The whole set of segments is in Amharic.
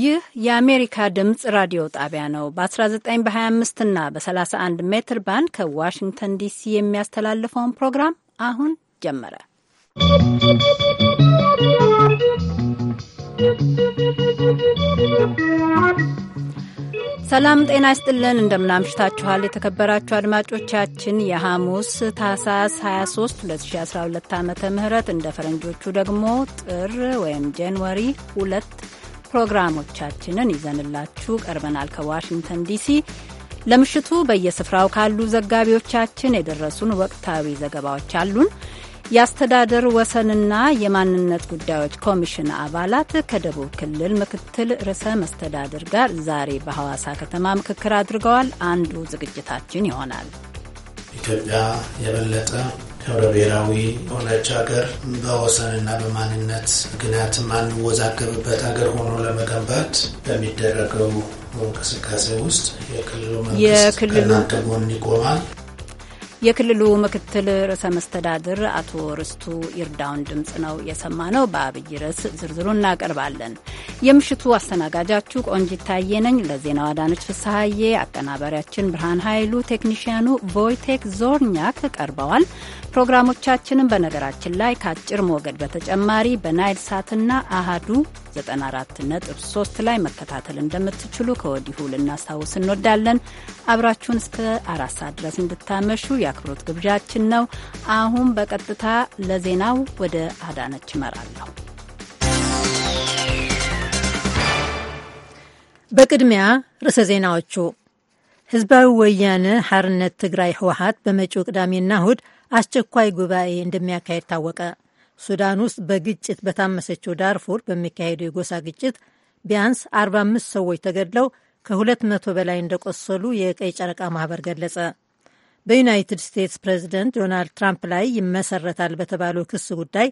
ይህ የአሜሪካ ድምፅ ራዲዮ ጣቢያ ነው። በ19 በ25 እና በ31 ሜትር ባንድ ከዋሽንግተን ዲሲ የሚያስተላልፈውን ፕሮግራም አሁን ጀመረ። ሰላም ጤና ይስጥልን። እንደምናምሽታችኋል የተከበራችሁ አድማጮቻችን የሐሙስ ታህሳስ 23 2012 ዓ ም እንደ ፈረንጆቹ ደግሞ ጥር ወይም ጃንዋሪ 2 ፕሮግራሞቻችንን ይዘንላችሁ ቀርበናል። ከዋሽንግተን ዲሲ ለምሽቱ በየስፍራው ካሉ ዘጋቢዎቻችን የደረሱን ወቅታዊ ዘገባዎች አሉን። የአስተዳደር ወሰንና የማንነት ጉዳዮች ኮሚሽን አባላት ከደቡብ ክልል ምክትል ርዕሰ መስተዳድር ጋር ዛሬ በሐዋሳ ከተማ ምክክር አድርገዋል። አንዱ ዝግጅታችን ይሆናል። ኢትዮጵያ የበለጠ ህብረ ብሔራዊ የሆነች ሀገር በወሰንና በማንነት ምክንያት የማንወዛገብበት ሀገር ሆኖ ለመገንባት በሚደረገው እንቅስቃሴ ውስጥ የክልሉ መንግስት ከእናንተ ጎን ይቆማል። የክልሉ ምክትል ርዕሰ መስተዳድር አቶ ርስቱ ይርዳውን ድምፅ ነው የሰማ ነው። በአብይ ርዕስ ዝርዝሩ እናቀርባለን። የምሽቱ አስተናጋጃችሁ ቆንጂት ታዬ ነኝ። ለዜናው አዳነች ፍስሐዬ፣ አቀናባሪያችን ብርሃን ኃይሉ፣ ቴክኒሽያኑ ቮይቴክ ዞርኛክ ቀርበዋል። ፕሮግራሞቻችንን በነገራችን ላይ ከአጭር ሞገድ በተጨማሪ በናይል ሳትና አሃዱ 94.3 ላይ መከታተል እንደምትችሉ ከወዲሁ ልናስታውስ እንወዳለን። አብራችሁን እስከ አራት ሰዓት ድረስ እንድታመሹ የአክብሮት ግብዣችን ነው። አሁን በቀጥታ ለዜናው ወደ አዳነች እመራለሁ። በቅድሚያ ርዕሰ ዜናዎቹ ህዝባዊ ወያነ ሐርነት ትግራይ ህወሀት በመጪው ቅዳሜና እሁድ አስቸኳይ ጉባኤ እንደሚያካሄድ ታወቀ። ሱዳን ውስጥ በግጭት በታመሰችው ዳርፉር በሚካሄደው የጎሳ ግጭት ቢያንስ 45 ሰዎች ተገድለው ከ200 በላይ እንደቆሰሉ የቀይ ጨረቃ ማህበር ገለጸ። በዩናይትድ ስቴትስ ፕሬዚደንት ዶናልድ ትራምፕ ላይ ይመሰረታል በተባለው ክስ ጉዳይ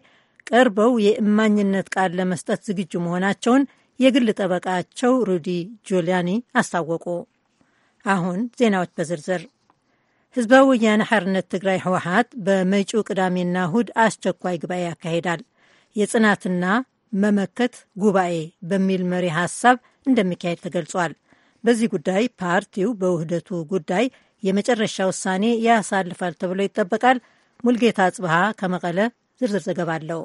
ቀርበው የእማኝነት ቃል ለመስጠት ዝግጁ መሆናቸውን የግል ጠበቃቸው ሩዲ ጁሊያኒ አስታወቁ። አሁን ዜናዎች በዝርዝር። ህዝባዊ ወያነ ሐርነት ትግራይ ህወሓት በመጪው ቅዳሜና እሁድ አስቸኳይ ጉባኤ ያካሂዳል። የጽናትና መመከት ጉባኤ በሚል መሪ ሐሳብ እንደሚካሄድ ተገልጿል። በዚህ ጉዳይ ፓርቲው በውህደቱ ጉዳይ የመጨረሻ ውሳኔ ያሳልፋል ተብሎ ይጠበቃል። ሙልጌታ ጽብሃ ከመቀለ ዝርዝር ዘገባ አለው።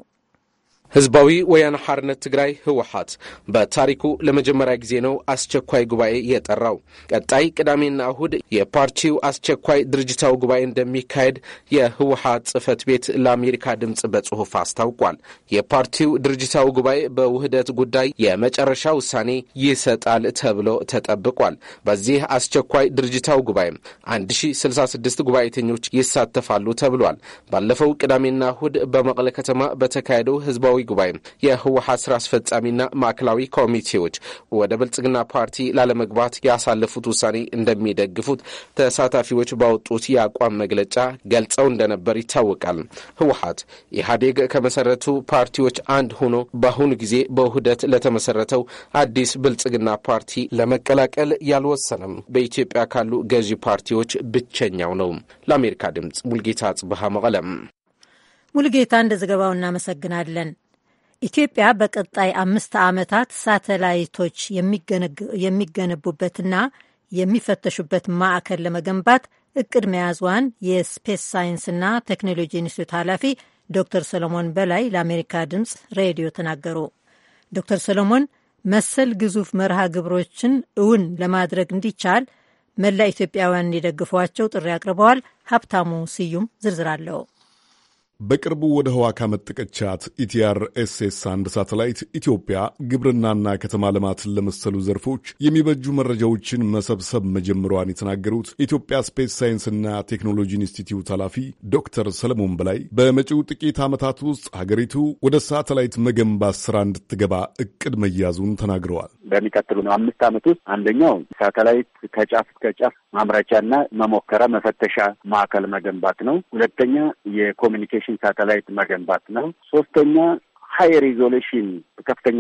ህዝባዊ ወያነ ሓርነት ትግራይ ህወሓት በታሪኩ ለመጀመሪያ ጊዜ ነው አስቸኳይ ጉባኤ የጠራው። ቀጣይ ቅዳሜና እሁድ የፓርቲው አስቸኳይ ድርጅታዊ ጉባኤ እንደሚካሄድ የህወሓት ጽህፈት ቤት ለአሜሪካ ድምፅ በጽሑፍ አስታውቋል። የፓርቲው ድርጅታዊ ጉባኤ በውህደት ጉዳይ የመጨረሻ ውሳኔ ይሰጣል ተብሎ ተጠብቋል። በዚህ አስቸኳይ ድርጅታዊ ጉባኤ 1066 ጉባኤተኞች ይሳተፋሉ ተብሏል። ባለፈው ቅዳሜና እሁድ በመቀለ ከተማ በተካሄደው ህዝባዊ ብሔራዊ ጉባኤ የህወሀት ስራ አስፈጻሚና ማዕከላዊ ኮሚቴዎች ወደ ብልጽግና ፓርቲ ላለመግባት ያሳለፉት ውሳኔ እንደሚደግፉት ተሳታፊዎች ባወጡት የአቋም መግለጫ ገልጸው እንደነበር ይታወቃል። ህወሀት ኢህአዴግ ከመሰረቱ ፓርቲዎች አንድ ሆኖ በአሁኑ ጊዜ በውህደት ለተመሰረተው አዲስ ብልጽግና ፓርቲ ለመቀላቀል ያልወሰነም በኢትዮጵያ ካሉ ገዢ ፓርቲዎች ብቸኛው ነው። ለአሜሪካ ድምፅ ሙልጌታ ጽብሃ መቀለም። ሙልጌታ እንደ ዘገባው እናመሰግናለን። ኢትዮጵያ በቀጣይ አምስት ዓመታት ሳተላይቶች የሚገነቡበትና የሚፈተሹበት ማዕከል ለመገንባት እቅድ መያዟን የስፔስ ሳይንስና ቴክኖሎጂ ኢንስቲትዩት ኃላፊ ዶክተር ሰሎሞን በላይ ለአሜሪካ ድምፅ ሬዲዮ ተናገሩ። ዶክተር ሰሎሞን መሰል ግዙፍ መርሃ ግብሮችን እውን ለማድረግ እንዲቻል መላ ኢትዮጵያውያን እንዲደግፏቸው ጥሪ አቅርበዋል። ሀብታሙ ስዩም ዝርዝር አለው። በቅርቡ ወደ ህዋ ካመጠቀቻት ኢቲአርኤስኤስ አንድ ሳተላይት ኢትዮጵያ ግብርናና ከተማ ልማትን ለመሰሉ ዘርፎች የሚበጁ መረጃዎችን መሰብሰብ መጀመሯን የተናገሩት የኢትዮጵያ ስፔስ ሳይንስና ቴክኖሎጂ ኢንስቲትዩት ኃላፊ ዶክተር ሰለሞን በላይ በመጪው ጥቂት ዓመታት ውስጥ ሀገሪቱ ወደ ሳተላይት መገንባት ስራ እንድትገባ እቅድ መያዙን ተናግረዋል። በሚቀጥሉ ነው አምስት ዓመት ውስጥ አንደኛው ሳተላይት ከጫፍ ከጫፍ ማምረቻና መሞከራ መፈተሻ ማዕከል መገንባት ነው። ሁለተኛ የኮሚኒኬሽን ሳተላይት መገንባት ነው። ሶስተኛ ሀይ ሪዞሉሽን ከፍተኛ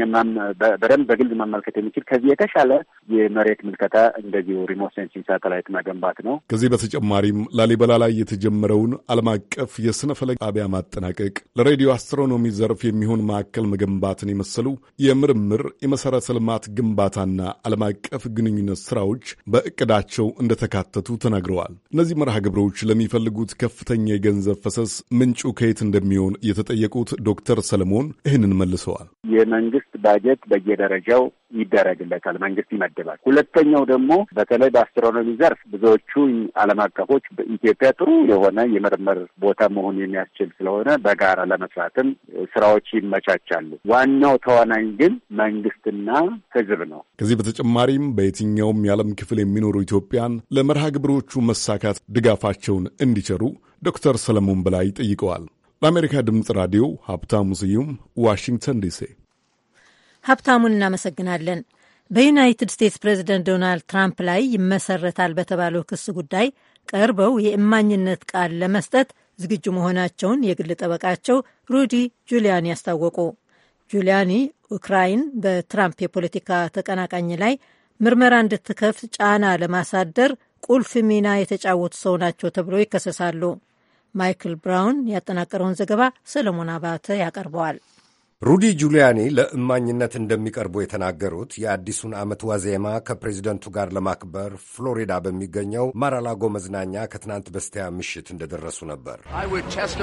በደንብ በግልጽ መመልከት የሚችል ከዚህ የተሻለ የመሬት ምልከታ እንደዚሁ ሪሞት ሴንሲንግ ሳተላይት መገንባት ነው። ከዚህ በተጨማሪም ላሊበላ ላይ የተጀመረውን ዓለም አቀፍ የስነ ፈለግ ጣቢያ ማጠናቀቅ፣ ለሬዲዮ አስትሮኖሚ ዘርፍ የሚሆን ማዕከል መገንባትን የመሰሉ የምርምር የመሠረተ ልማት ግንባታና ዓለም አቀፍ ግንኙነት ስራዎች በእቅዳቸው እንደተካተቱ ተናግረዋል። እነዚህ መርሃ ግብሮች ለሚፈልጉት ከፍተኛ የገንዘብ ፈሰስ ምንጩ ከየት እንደሚሆን የተጠየቁት ዶክተር ሰለሞን ይህንን መልሰዋል። የመንግስት ባጀት በየደረጃው ይደረግለታል፣ መንግስት ይመድባል። ሁለተኛው ደግሞ በተለይ በአስትሮኖሚ ዘርፍ ብዙዎቹ ዓለም አቀፎች በኢትዮጵያ ጥሩ የሆነ የምርምር ቦታ መሆን የሚያስችል ስለሆነ በጋራ ለመስራትም ስራዎች ይመቻቻሉ። ዋናው ተዋናኝ ግን መንግስትና ህዝብ ነው። ከዚህ በተጨማሪም በየትኛውም የዓለም ክፍል የሚኖሩ ኢትዮጵያን ለመርሃ ግብሮቹ መሳካት ድጋፋቸውን እንዲቸሩ ዶክተር ሰለሞን በላይ ጠይቀዋል። ለአሜሪካ ድምፅ ራዲዮ ሀብታሙ ስዩም ዋሽንግተን ዲሲ። ሀብታሙን እናመሰግናለን። በዩናይትድ ስቴትስ ፕሬዚደንት ዶናልድ ትራምፕ ላይ ይመሰረታል በተባለው ክስ ጉዳይ ቀርበው የእማኝነት ቃል ለመስጠት ዝግጁ መሆናቸውን የግል ጠበቃቸው ሩዲ ጁሊያኒ አስታወቁ። ጁሊያኒ ኡክራይን በትራምፕ የፖለቲካ ተቀናቃኝ ላይ ምርመራ እንድትከፍት ጫና ለማሳደር ቁልፍ ሚና የተጫወቱ ሰው ናቸው ተብሎ ይከሰሳሉ። ማይክል ብራውን ያጠናቀረውን ዘገባ ሰለሞን አባተ ያቀርበዋል። ሩዲ ጁሊያኒ ለእማኝነት እንደሚቀርቡ የተናገሩት የአዲሱን ዓመት ዋዜማ ከፕሬዚደንቱ ጋር ለማክበር ፍሎሪዳ በሚገኘው ማራላጎ መዝናኛ ከትናንት በስቲያ ምሽት እንደደረሱ ነበር። um,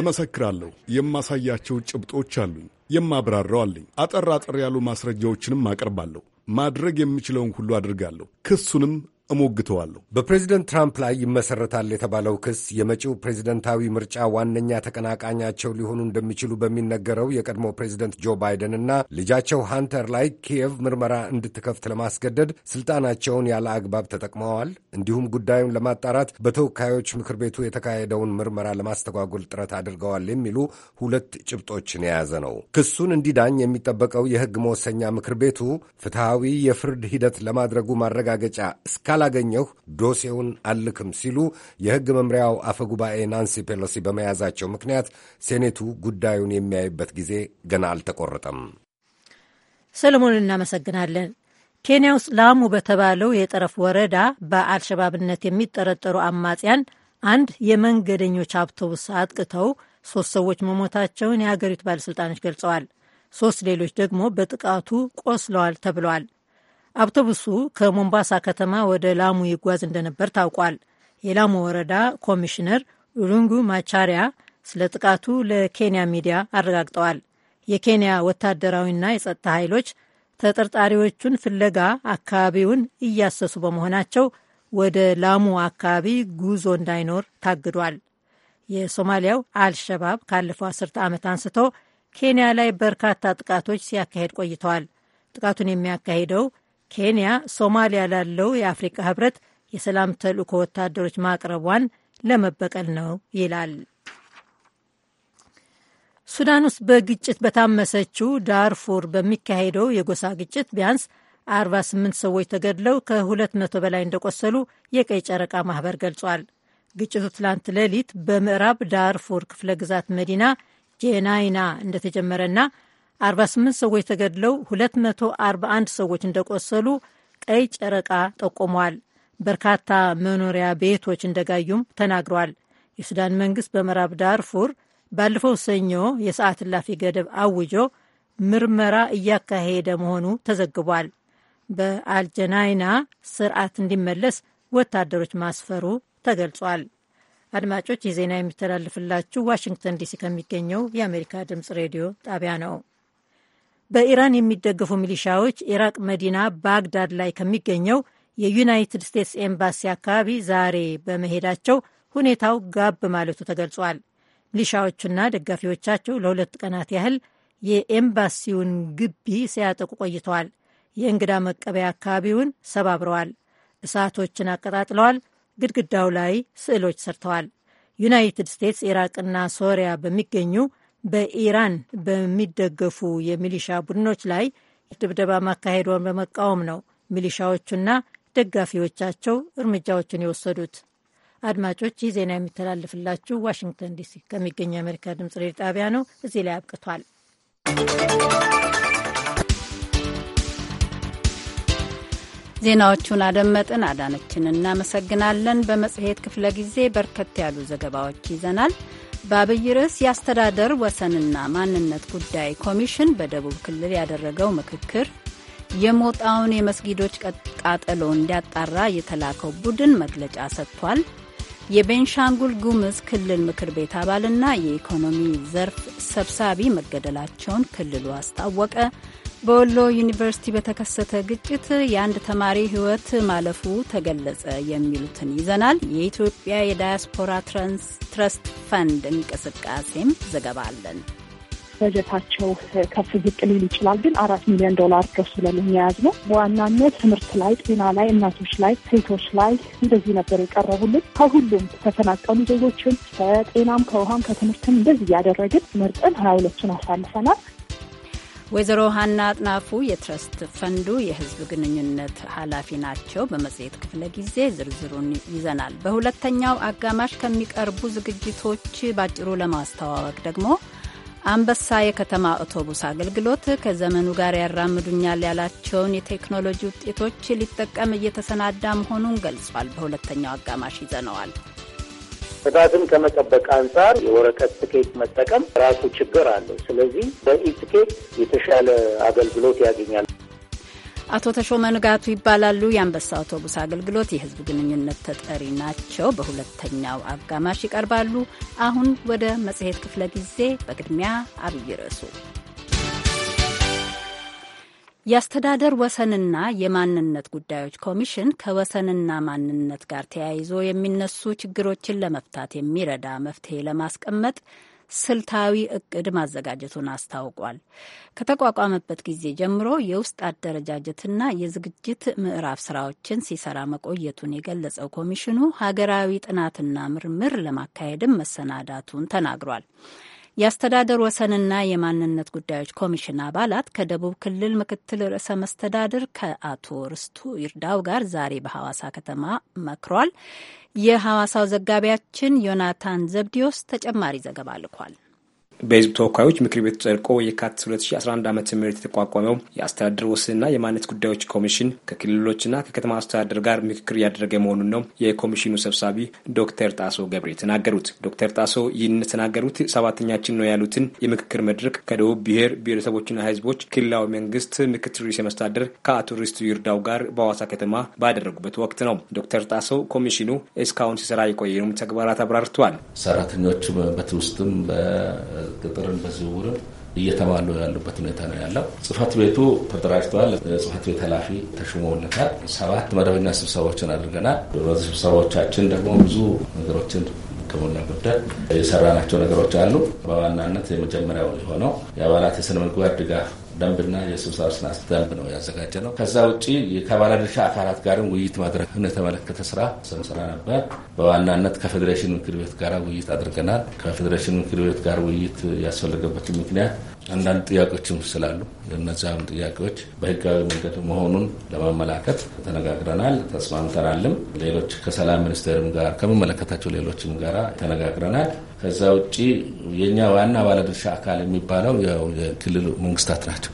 እመሰክራለሁ። የማሳያቸው ጭብጦች አሉኝ፣ የማብራራው አለኝ። አጠር አጠር ያሉ ማስረጃዎችንም አቀርባለሁ። ማድረግ የምችለውን ሁሉ አድርጋለሁ። ክሱንም እሞግተዋለሁ። በፕሬዚደንት ትራምፕ ላይ ይመሰረታል የተባለው ክስ የመጪው ፕሬዚደንታዊ ምርጫ ዋነኛ ተቀናቃኛቸው ሊሆኑ እንደሚችሉ በሚነገረው የቀድሞ ፕሬዚደንት ጆ ባይደን እና ልጃቸው ሃንተር ላይ ኪየቭ ምርመራ እንድትከፍት ለማስገደድ ስልጣናቸውን ያለ አግባብ ተጠቅመዋል፣ እንዲሁም ጉዳዩን ለማጣራት በተወካዮች ምክር ቤቱ የተካሄደውን ምርመራ ለማስተጓጎል ጥረት አድርገዋል የሚሉ ሁለት ጭብጦችን የያዘ ነው። ክሱን እንዲዳኝ የሚጠበቀው የህግ መወሰኛ ምክር ቤቱ ፍትሐዊ የፍርድ ሂደት ለማድረጉ ማረጋገጫ እስካላ ካላገኘሁ ዶሴውን አልክም ሲሉ የሕግ መምሪያው አፈ ጉባኤ ናንሲ ፔሎሲ በመያዛቸው ምክንያት ሴኔቱ ጉዳዩን የሚያይበት ጊዜ ገና አልተቆረጠም። ሰለሞን እናመሰግናለን። ኬንያ ውስጥ ላሙ በተባለው የጠረፍ ወረዳ በአልሸባብነት የሚጠረጠሩ አማጽያን አንድ የመንገደኞች አውቶቡስ አጥቅተው ሶስት ሰዎች መሞታቸውን የአገሪቱ ባለሥልጣኖች ገልጸዋል። ሶስት ሌሎች ደግሞ በጥቃቱ ቆስለዋል ተብለዋል። አውቶቡሱ ከሞምባሳ ከተማ ወደ ላሙ ይጓዝ እንደነበር ታውቋል። የላሙ ወረዳ ኮሚሽነር ኡሉንጉ ማቻሪያ ስለ ጥቃቱ ለኬንያ ሚዲያ አረጋግጠዋል። የኬንያ ወታደራዊና የጸጥታ ኃይሎች ተጠርጣሪዎቹን ፍለጋ አካባቢውን እያሰሱ በመሆናቸው ወደ ላሙ አካባቢ ጉዞ እንዳይኖር ታግዷል። የሶማሊያው አልሸባብ ካለፈው አስርተ ዓመት አንስቶ ኬንያ ላይ በርካታ ጥቃቶች ሲያካሄድ ቆይተዋል። ጥቃቱን የሚያካሂደው ኬንያ ሶማሊያ ላለው የአፍሪካ ህብረት የሰላም ተልእኮ ወታደሮች ማቅረቧን ለመበቀል ነው ይላል። ሱዳን ውስጥ በግጭት በታመሰችው ዳርፉር በሚካሄደው የጎሳ ግጭት ቢያንስ 48 ሰዎች ተገድለው ከ200 በላይ እንደቆሰሉ የቀይ ጨረቃ ማህበር ገልጿል። ግጭቱ ትላንት ሌሊት በምዕራብ ዳርፉር ክፍለ ግዛት መዲና ጄናይና እንደተጀመረና 48 ሰዎች ተገድለው 241 ሰዎች እንደቆሰሉ ቀይ ጨረቃ ጠቁሟል። በርካታ መኖሪያ ቤቶች እንደጋዩም ተናግሯል። የሱዳን መንግስት በምዕራብ ዳርፉር ባለፈው ሰኞ የሰዓት እላፊ ገደብ አውጆ ምርመራ እያካሄደ መሆኑ ተዘግቧል። በአልጀናይና ስርዓት እንዲመለስ ወታደሮች ማስፈሩ ተገልጿል። አድማጮች፣ ይህ ዜና የሚተላለፍላችሁ ዋሽንግተን ዲሲ ከሚገኘው የአሜሪካ ድምጽ ሬዲዮ ጣቢያ ነው። በኢራን የሚደገፉ ሚሊሻዎች ኢራቅ መዲና ባግዳድ ላይ ከሚገኘው የዩናይትድ ስቴትስ ኤምባሲ አካባቢ ዛሬ በመሄዳቸው ሁኔታው ጋብ ማለቱ ተገልጿል። ሚሊሻዎቹና ደጋፊዎቻቸው ለሁለት ቀናት ያህል የኤምባሲውን ግቢ ሲያጠቁ ቆይተዋል። የእንግዳ መቀበያ አካባቢውን ሰባብረዋል፣ እሳቶችን አቀጣጥለዋል፣ ግድግዳው ላይ ስዕሎች ሰርተዋል። ዩናይትድ ስቴትስ ኢራቅና ሶሪያ በሚገኙ በኢራን በሚደገፉ የሚሊሻ ቡድኖች ላይ ድብደባ ማካሄዷን በመቃወም ነው ሚሊሻዎቹና ደጋፊዎቻቸው እርምጃዎችን የወሰዱት። አድማጮች፣ ይህ ዜና የሚተላለፍላችሁ ዋሽንግተን ዲሲ ከሚገኘው የአሜሪካ ድምጽ ሬዲዮ ጣቢያ ነው። እዚህ ላይ አብቅቷል። ዜናዎቹን አደመጥን። አዳነችን እናመሰግናለን። በመጽሔት ክፍለ ጊዜ በርከት ያሉ ዘገባዎች ይዘናል። በአብይ ርዕስ የአስተዳደር ወሰንና ማንነት ጉዳይ ኮሚሽን በደቡብ ክልል ያደረገው ምክክር፣ የሞጣውን የመስጊዶች ቃጠሎ እንዲያጣራ የተላከው ቡድን መግለጫ ሰጥቷል። የቤንሻንጉል ጉምዝ ክልል ምክር ቤት አባልና የኢኮኖሚ ዘርፍ ሰብሳቢ መገደላቸውን ክልሉ አስታወቀ። በወሎ ዩኒቨርሲቲ በተከሰተ ግጭት የአንድ ተማሪ ሕይወት ማለፉ ተገለጸ የሚሉትን ይዘናል። የኢትዮጵያ የዳያስፖራ ትረስት ፈንድ እንቅስቃሴም ዘገባ አለን። በጀታቸው ከፍ ዝቅ ሊል ይችላል፣ ግን አራት ሚሊዮን ዶላር ድረስ ብለን የሚያያዝ ነው። በዋናነት ትምህርት ላይ፣ ጤና ላይ፣ እናቶች ላይ፣ ሴቶች ላይ እንደዚህ ነበር የቀረቡልን። ከሁሉም ተፈናቀሉ ዜጎችን ከጤናም ከውሃም ከትምህርትም እንደዚህ እያደረግን መርጠን ሀያ ሁለቱን አሳልፈናል። ወይዘሮ ሀና አጥናፉ የትረስት ፈንዱ የህዝብ ግንኙነት ኃላፊ ናቸው። በመጽሔት ክፍለ ጊዜ ዝርዝሩን ይዘናል። በሁለተኛው አጋማሽ ከሚቀርቡ ዝግጅቶች ባጭሩ ለማስተዋወቅ ደግሞ አንበሳ የከተማ አውቶቡስ አገልግሎት ከዘመኑ ጋር ያራምዱኛል ያላቸውን የቴክኖሎጂ ውጤቶች ሊጠቀም እየተሰናዳ መሆኑን ገልጿል። በሁለተኛው አጋማሽ ይዘነዋል። ጥራትን ከመጠበቅ አንጻር የወረቀት ትኬት መጠቀም ራሱ ችግር አለው። ስለዚህ በኢትኬት የተሻለ አገልግሎት ያገኛል። አቶ ተሾመ ንጋቱ ይባላሉ። የአንበሳ አውቶቡስ አገልግሎት የህዝብ ግንኙነት ተጠሪ ናቸው። በሁለተኛው አጋማሽ ይቀርባሉ። አሁን ወደ መጽሔት ክፍለ ጊዜ፣ በቅድሚያ አብይ ርዕሱ የአስተዳደር ወሰንና የማንነት ጉዳዮች ኮሚሽን ከወሰንና ማንነት ጋር ተያይዞ የሚነሱ ችግሮችን ለመፍታት የሚረዳ መፍትሄ ለማስቀመጥ ስልታዊ እቅድ ማዘጋጀቱን አስታውቋል። ከተቋቋመበት ጊዜ ጀምሮ የውስጥ አደረጃጀትና የዝግጅት ምዕራፍ ስራዎችን ሲሰራ መቆየቱን የገለጸው ኮሚሽኑ ሀገራዊ ጥናትና ምርምር ለማካሄድም መሰናዳቱን ተናግሯል። የአስተዳደር ወሰንና የማንነት ጉዳዮች ኮሚሽን አባላት ከደቡብ ክልል ምክትል ርዕሰ መስተዳድር ከአቶ ርስቱ ይርዳው ጋር ዛሬ በሐዋሳ ከተማ መክሯል። የሐዋሳው ዘጋቢያችን ዮናታን ዘብዲዮስ ተጨማሪ ዘገባ ልኳል። በህዝብ ተወካዮች ምክር ቤት ጸድቆ የካቲት 2011 ዓ ም የተቋቋመው የአስተዳደር ወሰንና የማንነት ጉዳዮች ኮሚሽን ከክልሎችና ከከተማ አስተዳደር ጋር ምክክር እያደረገ መሆኑን ነው የኮሚሽኑ ሰብሳቢ ዶክተር ጣሶ ገብሬ የተናገሩት። ዶክተር ጣሶ ይህን የተናገሩት ሰባተኛችን ነው ያሉትን የምክክር መድረክ ከደቡብ ብሔር ብሔረሰቦችና ህዝቦች ክልላዊ መንግስት ምክትል ርዕሰ መስተዳድር ከአቶ ሪስቱ ይርዳው ጋር በሐዋሳ ከተማ ባደረጉበት ወቅት ነው። ዶክተር ጣሶ ኮሚሽኑ እስካሁን ሲሰራ የቆየውም ተግባራት አብራርተዋል። ሰራተኞቹ በትውስጥም ቅጥርን በዝውውርም እየተባሉ ያሉበት ሁኔታ ነው ያለው። ጽህፈት ቤቱ ተደራጅተዋል። ጽህፈት ቤት ኃላፊ ተሹሞለታል። ሰባት መደበኛ ስብሰባዎችን አድርገናል። በዚህ ስብሰባዎቻችን ደግሞ ብዙ ነገሮችን ሕክምና ጉዳይ የሰራናቸው ነገሮች አሉ። በዋናነት የመጀመሪያው የሆነው የአባላት የስነ ምግባር ድጋፍ ደንብና የስብሰባ ስነ ደንብ ነው ያዘጋጀ ነው። ከዛ ውጭ ድርሻ አካላት ጋርም ውይይት ማድረግ የተመለከተ ስራ ስንሰራ ነበር። በዋናነት ከፌዴሬሽን ምክር ቤት ጋር ውይይት አድርገናል። ከፌዴሬሽን ምክር ቤት ጋር ውይይት ያስፈለገበት ምክንያት አንዳንድ ጥያቄዎችም ስላሉ እነዚያም ጥያቄዎች በህጋዊ መንገድ መሆኑን ለማመላከት ተነጋግረናል፣ ተስማምተናልም። ሌሎች ከሰላም ሚኒስቴርም ጋር ከሚመለከታቸው ሌሎችም ጋር ተነጋግረናል። ከዛ ውጭ የእኛ ዋና ባለድርሻ አካል የሚባለው የክልሉ መንግስታት ናቸው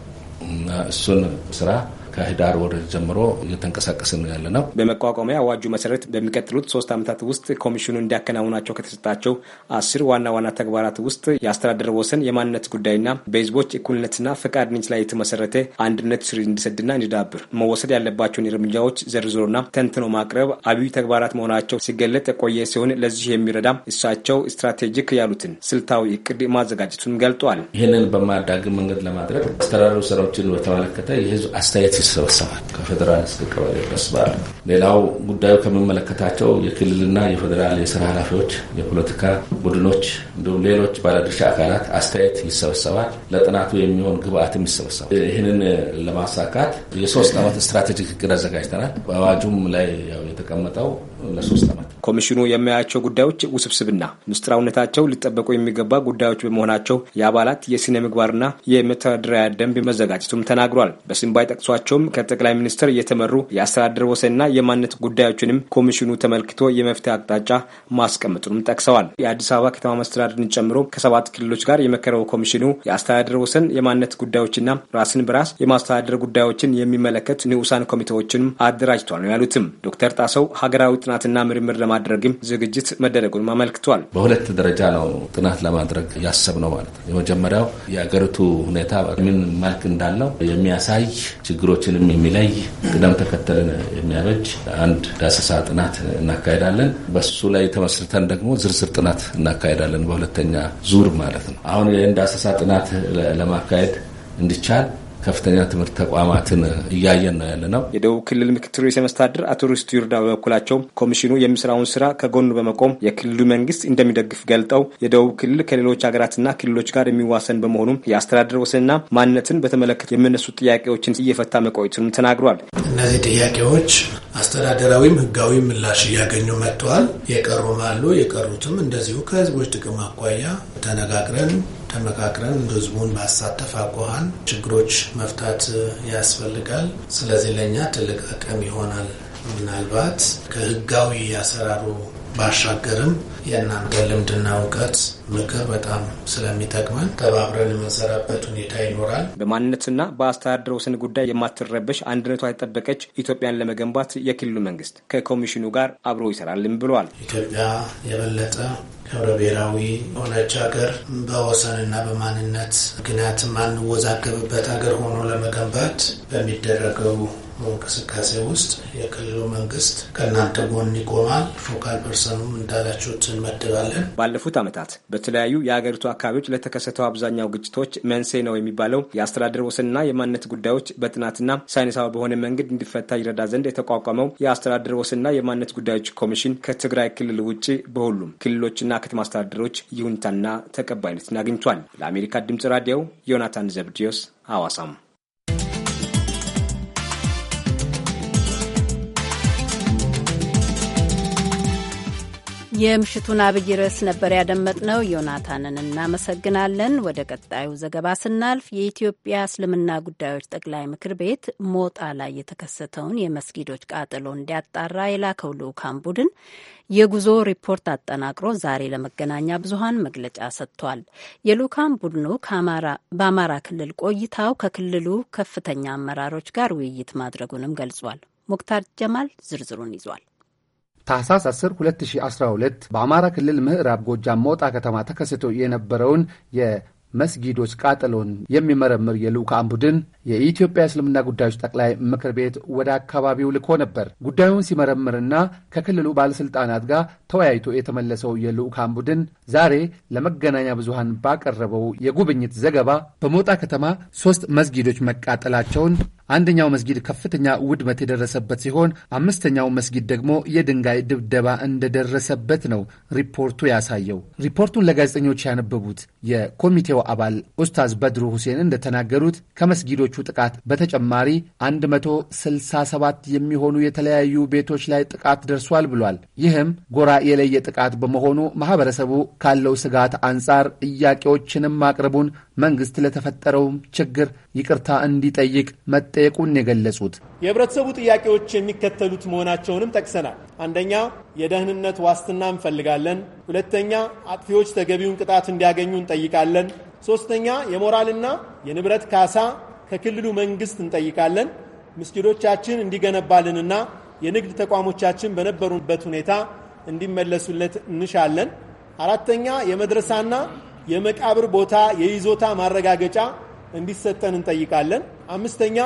እና እሱን ስራ ከህዳር ወር ጀምሮ እየተንቀሳቀስን ያለ ነው። በመቋቋሚያ አዋጁ መሰረት በሚቀጥሉት ሶስት ዓመታት ውስጥ ኮሚሽኑ እንዲያከናውናቸው ከተሰጣቸው አስር ዋና ዋና ተግባራት ውስጥ የአስተዳደር ወሰን የማንነት ጉዳይና በህዝቦች እኩልነትና ፈቃደኝነት ላይ የተመሰረተ አንድነት ስር እንዲሰድና እንዲዳብር መወሰድ ያለባቸውን እርምጃዎች ዘርዝሮና ተንትኖ ማቅረብ አብይ ተግባራት መሆናቸው ሲገለጥ የቆየ ሲሆን ለዚህ የሚረዳ እሳቸው ስትራቴጂክ ያሉትን ስልታዊ እቅድ ማዘጋጀቱን ገልጧል። ይህንን በማያዳግም መንገድ ለማድረግ አስተዳደሩ ስራዎችን በተመለከተ የህዝብ አስተያየት ይሰበሰባል ከፌዴራል እስከ ቀበሌ ድረስ ባለ። ሌላው ጉዳዩ ከሚመለከታቸው የክልልና የፌዴራል የስራ ኃላፊዎች፣ የፖለቲካ ቡድኖች እንዲሁም ሌሎች ባለድርሻ አካላት አስተያየት ይሰበሰባል። ለጥናቱ የሚሆን ግብአትም ይሰበሰባል። ይህንን ለማሳካት የሶስት ዓመት ስትራቴጂክ እቅድ አዘጋጅተናል። በአዋጁም ላይ የተቀመጠው ለሶስት ኮሚሽኑ የሚያያቸው ጉዳዮች ውስብስብና ምስጢራዊነታቸው ሊጠበቁ የሚገባ ጉዳዮች በመሆናቸው የአባላት የስነ ምግባርና የመተዳደሪያ ደንብ መዘጋጀቱም ተናግሯል። በስም ባይጠቅሷቸውም ከጠቅላይ ሚኒስትር የተመሩ የአስተዳደር ወሰንና የማንነት ጉዳዮችንም ኮሚሽኑ ተመልክቶ የመፍትሄ አቅጣጫ ማስቀመጡንም ጠቅሰዋል። የአዲስ አበባ ከተማ መስተዳድርን ጨምሮ ከሰባት ክልሎች ጋር የመከረው ኮሚሽኑ የአስተዳደር ወሰን፣ የማንነት ጉዳዮችና ራስን በራስ የማስተዳደር ጉዳዮችን የሚመለከት ንዑሳን ኮሚቴዎችንም አደራጅቷል ነው ያሉትም ዶክተር ጣሰው ሀገራዊ ጥናትና ምርምር ለማድረግም ዝግጅት መደረጉን አመልክቷል። በሁለት ደረጃ ነው ጥናት ለማድረግ ያሰብነው ማለት ነው። የመጀመሪያው የአገሪቱ ሁኔታ ምን መልክ እንዳለው የሚያሳይ ችግሮችንም የሚለይ ቅደም ተከተልን የሚያበጅ አንድ ዳሰሳ ጥናት እናካሄዳለን። በሱ ላይ ተመስርተን ደግሞ ዝርዝር ጥናት እናካሄዳለን። በሁለተኛ ዙር ማለት ነው። አሁን ይህን ዳሰሳ ጥናት ለማካሄድ እንዲቻል ከፍተኛ ትምህርት ተቋማትን እያየን ነው ያለ ነው። የደቡብ ክልል ምክትል ርዕሰ መስተዳድር አቶ ሪስቱ ይርዳ በበኩላቸው ኮሚሽኑ የሚሰራውን ስራ ከጎኑ በመቆም የክልሉ መንግስት እንደሚደግፍ ገልጠው የደቡብ ክልል ከሌሎች ሀገራትና ክልሎች ጋር የሚዋሰን በመሆኑ የአስተዳደር ወሰንና ማንነትን በተመለከተ የሚነሱ ጥያቄዎችን እየፈታ መቆየቱንም ተናግሯል። እነዚህ ጥያቄዎች አስተዳደራዊም ህጋዊ ምላሽ እያገኙ መጥተዋል። የቀሩም አሉ። የቀሩትም እንደዚሁ ከህዝቦች ጥቅም አኳያ ተነጋግረን ተመካክረን ህዝቡን ማሳተፍ አኳኋን ችግሮች መፍታት ያስፈልጋል። ስለዚህ ለእኛ ትልቅ አቅም ይሆናል። ምናልባት ከህጋዊ ያሰራሩ ባሻገርም የእናንተ ልምድና እውቀት ምክር በጣም ስለሚጠቅመን ተባብረን የምንሰራበት ሁኔታ ይኖራል። በማንነትና በአስተዳደር ወሰን ጉዳይ የማትረበሽ አንድነቷ የጠበቀች ኢትዮጵያን ለመገንባት የክልሉ መንግስት ከኮሚሽኑ ጋር አብሮ ይሰራልም ብሏል። ኢትዮጵያ የበለጠ ህብረ ብሔራዊ የሆነች ሀገር በወሰንና በማንነት ምክንያት ማንወዛገብበት ሀገር ሆኖ ለመገንባት በሚደረገው በእንቅስቃሴ ውስጥ የክልሉ መንግስት ከእናንተ ጎን ይቆማል፣ ፎካል ፐርሰኑም እንዳላችሁት እንመድባለን። ባለፉት ዓመታት በተለያዩ የሀገሪቱ አካባቢዎች ለተከሰተው አብዛኛው ግጭቶች መንስኤ ነው የሚባለው የአስተዳደር ወሰንና የማንነት ጉዳዮች በጥናትና ሳይንሳዊ በሆነ መንገድ እንዲፈታ ይረዳ ዘንድ የተቋቋመው የአስተዳደር ወሰንና የማንነት ጉዳዮች ኮሚሽን ከትግራይ ክልል ውጭ በሁሉም ክልሎችና ከተማ አስተዳደሮች ይሁንታና ተቀባይነትን አግኝቷል። ለአሜሪካ ድምጽ ራዲዮ ዮናታን ዘብዲዮስ አዋሳም የምሽቱን አብይ ርዕስ ነበር ያደመጥነው። ዮናታንን እናመሰግናለን። ወደ ቀጣዩ ዘገባ ስናልፍ የኢትዮጵያ እስልምና ጉዳዮች ጠቅላይ ምክር ቤት ሞጣ ላይ የተከሰተውን የመስጊዶች ቃጠሎ እንዲያጣራ የላከው ልዑካን ቡድን የጉዞ ሪፖርት አጠናቅሮ ዛሬ ለመገናኛ ብዙኃን መግለጫ ሰጥቷል። የልዑካን ቡድኑ በአማራ ክልል ቆይታው ከክልሉ ከፍተኛ አመራሮች ጋር ውይይት ማድረጉንም ገልጿል። ሙክታር ጀማል ዝርዝሩን ይዟል። ታህሳስ 10 2012 በአማራ ክልል ምዕራብ ጎጃም ሞጣ ከተማ ተከስቶ የነበረውን የመስጊዶች ቃጠሎን የሚመረምር የልዑካን ቡድን የኢትዮጵያ እስልምና ጉዳዮች ጠቅላይ ምክር ቤት ወደ አካባቢው ልኮ ነበር። ጉዳዩን ሲመረምርና ከክልሉ ባለሥልጣናት ጋር ተወያይቶ የተመለሰው የልዑካን ቡድን ዛሬ ለመገናኛ ብዙሃን ባቀረበው የጉብኝት ዘገባ በሞጣ ከተማ ሦስት መስጊዶች መቃጠላቸውን፣ አንደኛው መስጊድ ከፍተኛ ውድመት የደረሰበት ሲሆን አምስተኛው መስጊድ ደግሞ የድንጋይ ድብደባ እንደደረሰበት ነው ሪፖርቱ ያሳየው። ሪፖርቱን ለጋዜጠኞች ያነበቡት የኮሚቴው አባል ኡስታዝ በድሩ ሁሴን እንደተናገሩት ከመስጊዶ ከሚሳኤሎቹ ጥቃት በተጨማሪ 167 የሚሆኑ የተለያዩ ቤቶች ላይ ጥቃት ደርሷል ብሏል። ይህም ጎራ የለየ ጥቃት በመሆኑ ማህበረሰቡ ካለው ስጋት አንጻር ጥያቄዎችንም ማቅረቡን መንግስት ለተፈጠረው ችግር ይቅርታ እንዲጠይቅ መጠየቁን የገለጹት የህብረተሰቡ ጥያቄዎች የሚከተሉት መሆናቸውንም ጠቅሰናል። አንደኛ የደህንነት ዋስትና እንፈልጋለን። ሁለተኛ አጥፊዎች ተገቢውን ቅጣት እንዲያገኙ እንጠይቃለን። ሶስተኛ የሞራልና የንብረት ካሳ ከክልሉ መንግስት እንጠይቃለን። ምስጊዶቻችን እንዲገነባልንና የንግድ ተቋሞቻችን በነበሩበት ሁኔታ እንዲመለሱለት እንሻለን። አራተኛ የመድረሳና የመቃብር ቦታ የይዞታ ማረጋገጫ እንዲሰጠን እንጠይቃለን። አምስተኛ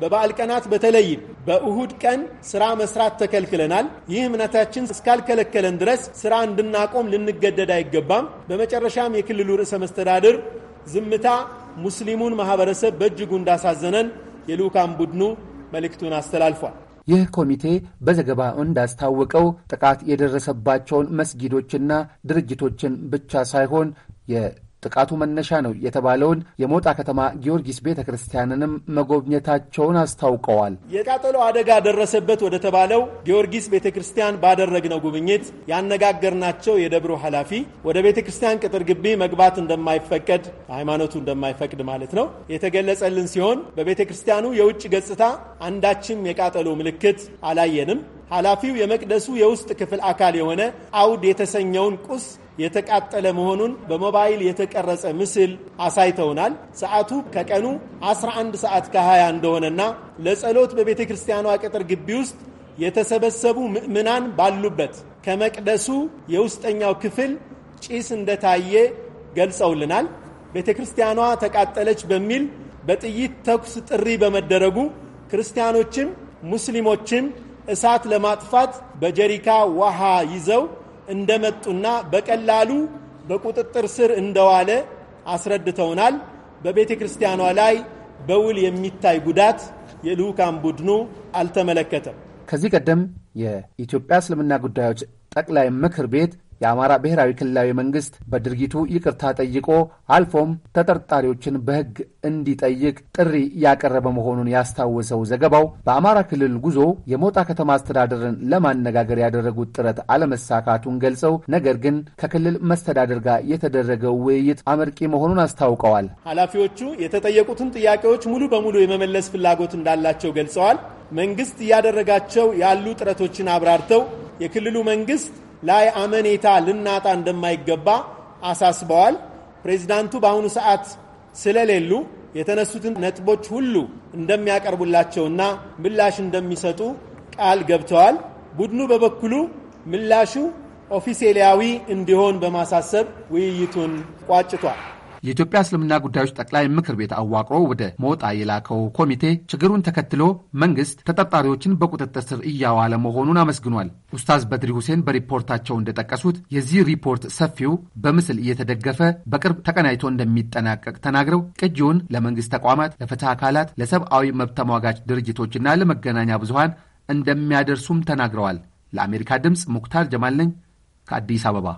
በበዓል ቀናት በተለይም በእሁድ ቀን ስራ መስራት ተከልክለናል። ይህ እምነታችን እስካልከለከለን ድረስ ስራ እንድናቆም ልንገደድ አይገባም። በመጨረሻም የክልሉ ርዕሰ መስተዳድር ዝምታ ሙስሊሙን ማህበረሰብ በእጅጉ እንዳሳዘነን የልዑካን ቡድኑ መልእክቱን አስተላልፏል። ይህ ኮሚቴ በዘገባው እንዳስታወቀው ጥቃት የደረሰባቸውን መስጊዶችና ድርጅቶችን ብቻ ሳይሆን ጥቃቱ መነሻ ነው የተባለውን የሞጣ ከተማ ጊዮርጊስ ቤተ ክርስቲያንንም መጎብኘታቸውን አስታውቀዋል። የቃጠሎ አደጋ ደረሰበት ወደ ተባለው ጊዮርጊስ ቤተ ክርስቲያን ባደረግነው ጉብኝት ያነጋገርናቸው የደብሮ ኃላፊ ወደ ቤተ ክርስቲያን ቅጥር ግቢ መግባት እንደማይፈቀድ ሃይማኖቱ እንደማይፈቅድ ማለት ነው የተገለጸልን ሲሆን በቤተ ክርስቲያኑ የውጭ ገጽታ አንዳችም የቃጠሎ ምልክት አላየንም። ኃላፊው የመቅደሱ የውስጥ ክፍል አካል የሆነ አውድ የተሰኘውን ቁስ የተቃጠለ መሆኑን በሞባይል የተቀረጸ ምስል አሳይተውናል። ሰዓቱ ከቀኑ 11 ሰዓት ከ20 እንደሆነና ለጸሎት በቤተ ክርስቲያኗ ቅጥር ግቢ ውስጥ የተሰበሰቡ ምዕምናን ባሉበት ከመቅደሱ የውስጠኛው ክፍል ጭስ እንደታየ ገልጸውልናል። ቤተ ክርስቲያኗ ተቃጠለች በሚል በጥይት ተኩስ ጥሪ በመደረጉ ክርስቲያኖችም ሙስሊሞችም እሳት ለማጥፋት በጀሪካ ውሃ ይዘው እንደመጡና በቀላሉ በቁጥጥር ስር እንደዋለ አስረድተውናል። በቤተ ክርስቲያኗ ላይ በውል የሚታይ ጉዳት የልዑካን ቡድኑ አልተመለከተም። ከዚህ ቀደም የኢትዮጵያ እስልምና ጉዳዮች ጠቅላይ ምክር ቤት የአማራ ብሔራዊ ክልላዊ መንግስት በድርጊቱ ይቅርታ ጠይቆ አልፎም ተጠርጣሪዎችን በሕግ እንዲጠይቅ ጥሪ ያቀረበ መሆኑን ያስታወሰው ዘገባው በአማራ ክልል ጉዞ የሞጣ ከተማ አስተዳደርን ለማነጋገር ያደረጉት ጥረት አለመሳካቱን ገልጸው ነገር ግን ከክልል መስተዳደር ጋር የተደረገው ውይይት አመርቂ መሆኑን አስታውቀዋል። ኃላፊዎቹ የተጠየቁትን ጥያቄዎች ሙሉ በሙሉ የመመለስ ፍላጎት እንዳላቸው ገልጸዋል። መንግስት እያደረጋቸው ያሉ ጥረቶችን አብራርተው የክልሉ መንግስት ላይ አመኔታ ልናጣ እንደማይገባ አሳስበዋል። ፕሬዚዳንቱ በአሁኑ ሰዓት ስለሌሉ የተነሱትን ነጥቦች ሁሉ እንደሚያቀርቡላቸውና ምላሽ እንደሚሰጡ ቃል ገብተዋል። ቡድኑ በበኩሉ ምላሹ ኦፊሴላዊ እንዲሆን በማሳሰብ ውይይቱን ቋጭቷል። የኢትዮጵያ እስልምና ጉዳዮች ጠቅላይ ምክር ቤት አዋቅሮ ወደ ሞጣ የላከው ኮሚቴ ችግሩን ተከትሎ መንግስት ተጠርጣሪዎችን በቁጥጥር ስር እያዋለ መሆኑን አመስግኗል። ኡስታዝ በድሪ ሁሴን በሪፖርታቸው እንደጠቀሱት የዚህ ሪፖርት ሰፊው በምስል እየተደገፈ በቅርብ ተቀናይቶ እንደሚጠናቀቅ ተናግረው ቅጂውን ለመንግስት ተቋማት፣ ለፍትህ አካላት፣ ለሰብአዊ መብት ተሟጋች ድርጅቶችና ለመገናኛ ብዙሃን እንደሚያደርሱም ተናግረዋል። ለአሜሪካ ድምፅ ሙክታር ጀማል ነኝ ከአዲስ አበባ።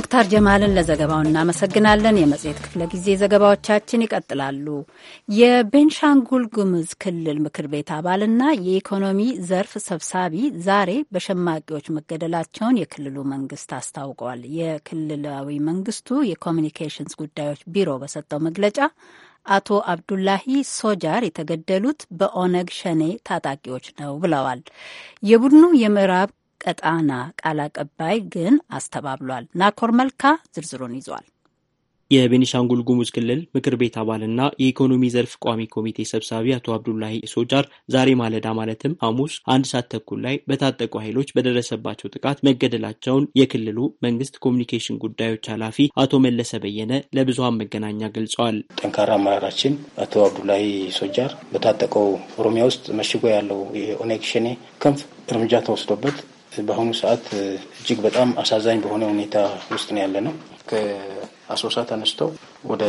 ሙክታር ጀማልን ለዘገባው እናመሰግናለን። የመጽሔት ክፍለ ጊዜ ዘገባዎቻችን ይቀጥላሉ። የቤንሻንጉል ጉምዝ ክልል ምክር ቤት አባልና የኢኮኖሚ ዘርፍ ሰብሳቢ ዛሬ በሸማቂዎች መገደላቸውን የክልሉ መንግስት አስታውቋል። የክልላዊ መንግስቱ የኮሚኒኬሽንስ ጉዳዮች ቢሮ በሰጠው መግለጫ አቶ አብዱላሂ ሶጃር የተገደሉት በኦነግ ሸኔ ታጣቂዎች ነው ብለዋል። የቡድኑ የምዕራብ ቀጣና ቃል አቀባይ ግን አስተባብሏል። ናኮር መልካ ዝርዝሩን ይዟል። የቤኒሻንጉል ጉሙዝ ክልል ምክር ቤት አባልና የኢኮኖሚ ዘርፍ ቋሚ ኮሚቴ ሰብሳቢ አቶ አብዱላሂ ሶጃር ዛሬ ማለዳ ማለትም ሐሙስ አንድ ሰዓት ተኩል ላይ በታጠቁ ኃይሎች በደረሰባቸው ጥቃት መገደላቸውን የክልሉ መንግስት ኮሚኒኬሽን ጉዳዮች ኃላፊ አቶ መለሰ በየነ ለብዙሀን መገናኛ ገልጸዋል። ጠንካራ አመራራችን አቶ አብዱላሂ ሶጃር በታጠቀው ኦሮሚያ ውስጥ መሽጎ ያለው የኦነግ ሸኔ ክንፍ እርምጃ ተወስዶበት በአሁኑ ሰዓት እጅግ በጣም አሳዛኝ በሆነ ሁኔታ ውስጥ ነው ያለ ነው። ከአሶሳ ተነስተው ወደ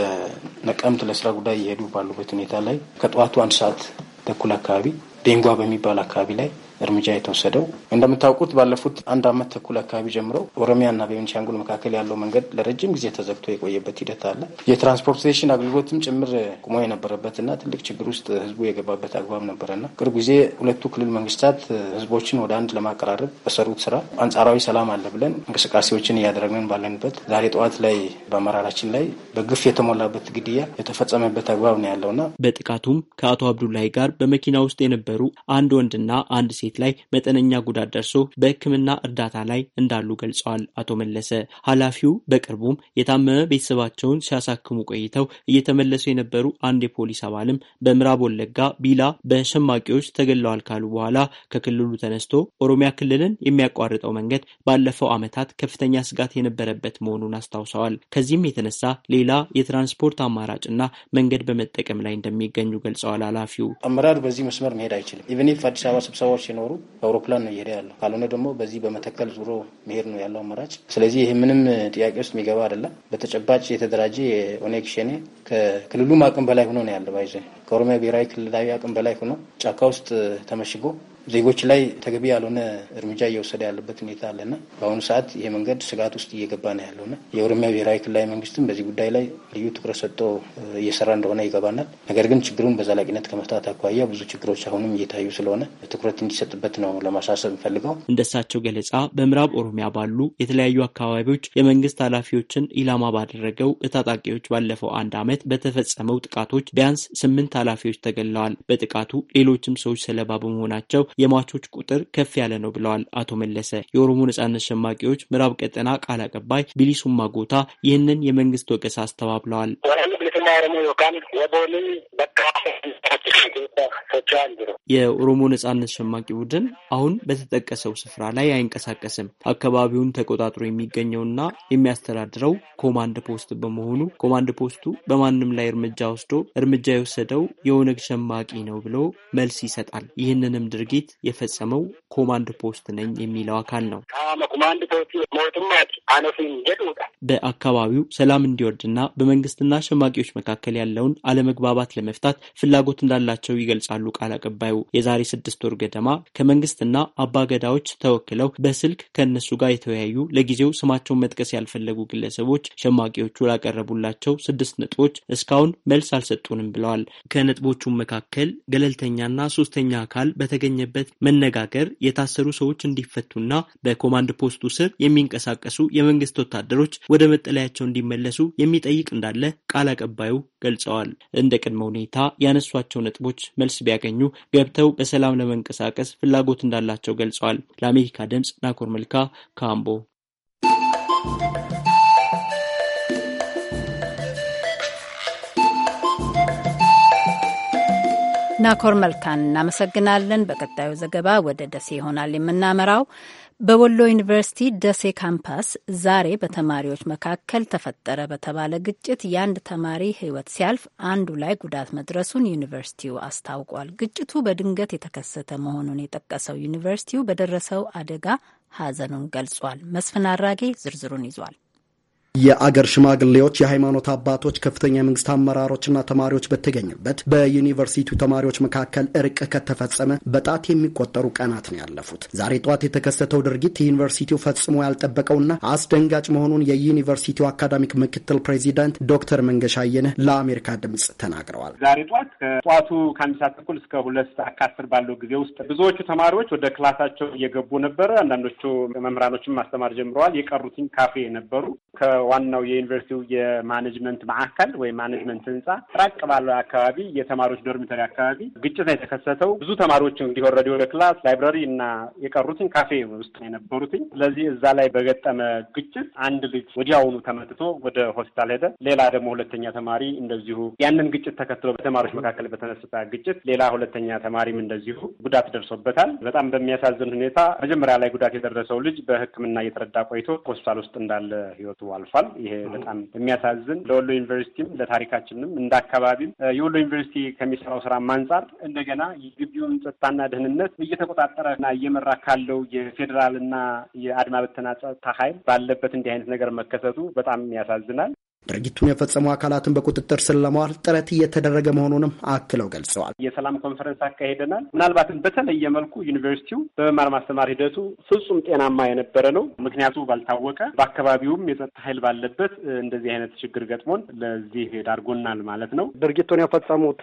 ነቀምት ለስራ ጉዳይ እየሄዱ ባሉበት ሁኔታ ላይ ከጠዋቱ አንድ ሰዓት ተኩል አካባቢ ደንጓ በሚባል አካባቢ ላይ እርምጃ የተወሰደው። እንደምታውቁት ባለፉት አንድ አመት ተኩል አካባቢ ጀምሮ ኦሮሚያና በቤኒሻንጉል መካከል ያለው መንገድ ለረጅም ጊዜ ተዘግቶ የቆየበት ሂደት አለ። የትራንስፖርቴሽን አገልግሎትም ጭምር ቁሞ የነበረበትና ትልቅ ችግር ውስጥ ህዝቡ የገባበት አግባብ ነበረና ቅርብ ጊዜ ሁለቱ ክልል መንግስታት ህዝቦችን ወደ አንድ ለማቀራረብ በሰሩት ስራ አንጻራዊ ሰላም አለ ብለን እንቅስቃሴዎችን እያደረግን ባለንበት ዛሬ ጠዋት ላይ በአመራራችን ላይ በግፍ የተሞላበት ግድያ የተፈጸመበት አግባብ ነው ያለውና በጥቃቱም ከአቶ አብዱላይ ጋር በመኪና ውስጥ የነበሩ አንድ ወንድና አንድ ሴት ባለቤት ላይ መጠነኛ ጉዳት ደርሶ በሕክምና እርዳታ ላይ እንዳሉ ገልጸዋል። አቶ መለሰ ኃላፊው በቅርቡም የታመመ ቤተሰባቸውን ሲያሳክሙ ቆይተው እየተመለሱ የነበሩ አንድ የፖሊስ አባልም በምዕራብ ወለጋ ቢላ በሸማቂዎች ተገለዋል ካሉ በኋላ ከክልሉ ተነስቶ ኦሮሚያ ክልልን የሚያቋርጠው መንገድ ባለፈው ዓመታት ከፍተኛ ስጋት የነበረበት መሆኑን አስታውሰዋል። ከዚህም የተነሳ ሌላ የትራንስፖርት አማራጭና መንገድ በመጠቀም ላይ እንደሚገኙ ገልጸዋል። ኃላፊው አመራር በዚህ መስመር መሄድ አይችልም ኢቨን አዲስ አበባ ስብሰባዎች ስለሚኖሩ በአውሮፕላን ነው እየሄደ ያለው። ካልሆነ ደግሞ በዚህ በመተከል ዙሮ መሄድ ነው ያለው አማራጭ። ስለዚህ ይህ ምንም ጥያቄ ውስጥ የሚገባ አይደለም። በተጨባጭ የተደራጀ የኦነግ ሸኔ ከክልሉም አቅም በላይ ሆኖ ነው ያለ ባይዘ ከኦሮሚያ ብሔራዊ ክልላዊ አቅም በላይ ሆኖ ጫካ ውስጥ ተመሽጎ ዜጎች ላይ ተገቢ ያልሆነ እርምጃ እየወሰደ ያለበት ሁኔታ አለና በአሁኑ ሰዓት ይሄ መንገድ ስጋት ውስጥ እየገባ ነው ያለውና የኦሮሚያ ብሔራዊ ክልላዊ መንግስትም በዚህ ጉዳይ ላይ ልዩ ትኩረት ሰጥቶ እየሰራ እንደሆነ ይገባናል። ነገር ግን ችግሩን በዘላቂነት ከመፍታት አኳያ ብዙ ችግሮች አሁንም እየታዩ ስለሆነ ትኩረት እንዲሰጥበት ነው ለማሳሰብ እንፈልገው። እንደሳቸው ገለጻ በምዕራብ ኦሮሚያ ባሉ የተለያዩ አካባቢዎች የመንግስት ኃላፊዎችን ኢላማ ባደረገው ታጣቂዎች ባለፈው አንድ ዓመት በተፈጸመው ጥቃቶች ቢያንስ ስምንት ኃላፊዎች ተገለዋል። በጥቃቱ ሌሎችም ሰዎች ሰለባ በመሆናቸው የሟቾች ቁጥር ከፍ ያለ ነው ብለዋል አቶ መለሰ። የኦሮሞ ነጻነት ሸማቂዎች ምዕራብ ቀጠና ቃል አቀባይ ቢሊሱማ ጎታ ይህንን የመንግስት ወቀሳ አስተባብለዋል። የኦሮሞ ነጻነት ሸማቂ ቡድን አሁን በተጠቀሰው ስፍራ ላይ አይንቀሳቀስም። አካባቢውን ተቆጣጥሮ የሚገኘውና የሚያስተዳድረው ኮማንድ ፖስት በመሆኑ ኮማንድ ፖስቱ በማንም ላይ እርምጃ ወስዶ እርምጃ የወሰደው የኦነግ ሸማቂ ነው ብሎ መልስ ይሰጣል። ይህንንም ድርጊት የፈጸመው ኮማንድ ፖስት ነኝ የሚለው አካል ነው። በአካባቢው ሰላም እንዲወርድና በመንግስትና ሸማቂዎች መካከል ያለውን አለመግባባት ለመፍታት ፍላጎት እንዳላቸው ይገልጻሉ ቃል አቀባዩ። የዛሬ ስድስት ወር ገደማ ከመንግስትና አባገዳዎች ተወክለው በስልክ ከእነሱ ጋር የተወያዩ ለጊዜው ስማቸውን መጥቀስ ያልፈለጉ ግለሰቦች ሸማቂዎቹ ላቀረቡላቸው ስድስት ነጥቦች እስካሁን መልስ አልሰጡንም ብለዋል። ከነጥቦቹም መካከል ገለልተኛና ሶስተኛ አካል በተገኘበት መነጋገር የታሰሩ ሰዎች እንዲፈቱና በኮማንድ ፖስቱ ስር የሚንቀሳቀሱ የመንግስት ወታደሮች ወደ መጠለያቸው እንዲመለሱ የሚጠይቅ እንዳለ ቃል አቀባ ጉባኤው ገልጸዋል። እንደ ቅድመ ሁኔታ ያነሷቸው ነጥቦች መልስ ቢያገኙ ገብተው በሰላም ለመንቀሳቀስ ፍላጎት እንዳላቸው ገልጸዋል። ለአሜሪካ ድምፅ ናኮር መልካ ካምቦ ናኮር መልካን እናመሰግናለን። በቀጣዩ ዘገባ ወደ ደሴ ይሆናል የምናመራው። በወሎ ዩኒቨርሲቲ ደሴ ካምፓስ ዛሬ በተማሪዎች መካከል ተፈጠረ በተባለ ግጭት የአንድ ተማሪ ሕይወት ሲያልፍ አንዱ ላይ ጉዳት መድረሱን ዩኒቨርሲቲው አስታውቋል። ግጭቱ በድንገት የተከሰተ መሆኑን የጠቀሰው ዩኒቨርሲቲው በደረሰው አደጋ ሐዘኑን ገልጿል። መስፍን አራጌ ዝርዝሩን ይዟል። የአገር ሽማግሌዎች፣ የሃይማኖት አባቶች፣ ከፍተኛ የመንግስት አመራሮችና ተማሪዎች በተገኙበት በዩኒቨርሲቲው ተማሪዎች መካከል እርቅ ከተፈጸመ በጣት የሚቆጠሩ ቀናት ነው ያለፉት። ዛሬ ጠዋት የተከሰተው ድርጊት ዩኒቨርሲቲው ፈጽሞ ያልጠበቀውና አስደንጋጭ መሆኑን የዩኒቨርሲቲው አካዳሚክ ምክትል ፕሬዚዳንት ዶክተር መንገሻ አየነህ ለአሜሪካ ድምጽ ተናግረዋል። ዛሬ ጠዋት ከጠዋቱ ከአንድ ሰዓት ተኩል እስከ ሁለት ሰዓት ከአስር ባለው ጊዜ ውስጥ ብዙዎቹ ተማሪዎች ወደ ክላሳቸው እየገቡ ነበረ። አንዳንዶቹ መምህራኖችን ማስተማር ጀምረዋል። የቀሩትኝ ካፌ ነበሩ ከዋናው የዩኒቨርሲቲው የማኔጅመንት ማዕከል ወይም ማኔጅመንት ህንፃ ራቅ ባለው አካባቢ የተማሪዎች ዶርሚተሪ አካባቢ ግጭት ነው የተከሰተው። ብዙ ተማሪዎች እንግዲህ ወረዲ ወደ ክላስ ላይብራሪ እና የቀሩትን ካፌ ውስጥ የነበሩትኝ። ስለዚህ እዛ ላይ በገጠመ ግጭት አንድ ልጅ ወዲያውኑ ተመትቶ ወደ ሆስፒታል ሄደ። ሌላ ደግሞ ሁለተኛ ተማሪ እንደዚሁ ያንን ግጭት ተከትሎ በተማሪዎች መካከል በተነሳ ግጭት ሌላ ሁለተኛ ተማሪም እንደዚሁ ጉዳት ደርሶበታል። በጣም በሚያሳዝን ሁኔታ መጀመሪያ ላይ ጉዳት የደረሰው ልጅ በሕክምና እየተረዳ ቆይቶ ሆስፒታል ውስጥ እንዳለ ህይወቱ አልፏል። አልፏል። ይሄ በጣም የሚያሳዝን ለወሎ ዩኒቨርሲቲም ለታሪካችንም እንደ አካባቢም የወሎ ዩኒቨርሲቲ ከሚሰራው ስራም አንጻር እንደገና የግቢውን ጸጥታና ደህንነት እየተቆጣጠረና እየመራ ካለው የፌዴራልና የአድማ በተና ጸጥታ ኃይል ባለበት እንዲህ አይነት ነገር መከሰቱ በጣም ያሳዝናል። ድርጊቱን የፈጸሙ አካላትን በቁጥጥር ስር ለማዋል ጥረት እየተደረገ መሆኑንም አክለው ገልጸዋል። የሰላም ኮንፈረንስ አካሄደናል። ምናልባትም በተለየ መልኩ ዩኒቨርሲቲው በመማር ማስተማር ሂደቱ ፍጹም ጤናማ የነበረ ነው። ምክንያቱ ባልታወቀ በአካባቢውም የጸጥታ ኃይል ባለበት እንደዚህ አይነት ችግር ገጥሞን ለዚህ ዳርጎናል ማለት ነው። ድርጊቱን የፈጸሙት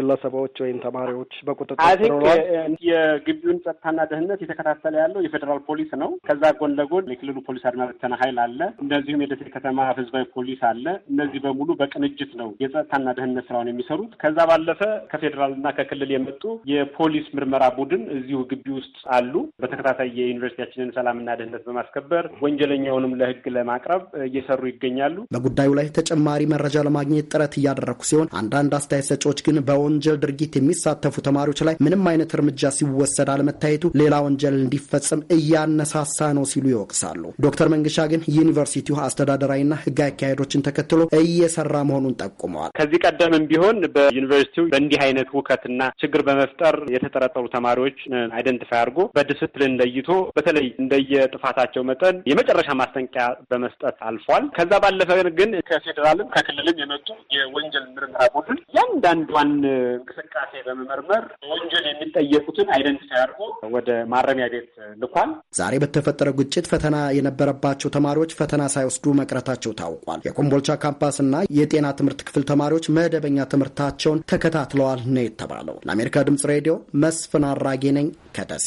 ግለሰቦች ወይም ተማሪዎች በቁጥጥር ስር የግቢውን ጸጥታና ደህንነት የተከታተለ ያለው የፌዴራል ፖሊስ ነው። ከዛ ጎን ለጎን የክልሉ ፖሊስ አድማ ብተና ኃይል አለ። እንደዚሁም የደሴ ከተማ ህዝባዊ ፖሊስ አለ። አለ። እነዚህ በሙሉ በቅንጅት ነው የጸጥታና ደህንነት ስራውን የሚሰሩት። ከዛ ባለፈ ከፌዴራልና ከክልል የመጡ የፖሊስ ምርመራ ቡድን እዚሁ ግቢ ውስጥ አሉ። በተከታታይ የዩኒቨርሲቲያችንን ሰላምና ደህንነት በማስከበር ወንጀለኛውንም ለህግ ለማቅረብ እየሰሩ ይገኛሉ። በጉዳዩ ላይ ተጨማሪ መረጃ ለማግኘት ጥረት እያደረኩ ሲሆን አንዳንድ አስተያየት ሰጪዎች ግን በወንጀል ድርጊት የሚሳተፉ ተማሪዎች ላይ ምንም አይነት እርምጃ ሲወሰድ አለመታየቱ ሌላ ወንጀል እንዲፈጸም እያነሳሳ ነው ሲሉ ይወቅሳሉ። ዶክተር መንግሻ ግን ዩኒቨርሲቲው አስተዳደራዊና ህጋዊ አካሄዶችን ተከትሎ እየሰራ መሆኑን ጠቁመዋል። ከዚህ ቀደምም ቢሆን በዩኒቨርሲቲው በእንዲህ አይነት ውከትና ችግር በመፍጠር የተጠረጠሩ ተማሪዎች አይደንቲፋይ አድርጎ በዲስፕሊን ለይቶ በተለይ እንደየጥፋታቸው መጠን የመጨረሻ ማስጠንቀቂያ በመስጠት አልፏል። ከዛ ባለፈ ግን ከፌዴራልም ከክልልም የመጡ የወንጀል ምርመራ ቡድን እያንዳንዷን እንቅስቃሴ በመመርመር ወንጀል የሚጠየቁትን አይደንቲፋይ አድርጎ ወደ ማረሚያ ቤት ልኳል። ዛሬ በተፈጠረ ግጭት ፈተና የነበረባቸው ተማሪዎች ፈተና ሳይወስዱ መቅረታቸው ታውቋል። የኮምቦ የኮምቦልቻ ካምፓስና የጤና ትምህርት ክፍል ተማሪዎች መደበኛ ትምህርታቸውን ተከታትለዋል ነው የተባለው። ለአሜሪካ ድምጽ ሬዲዮ መስፍን አራጌ ነኝ ከደሴ።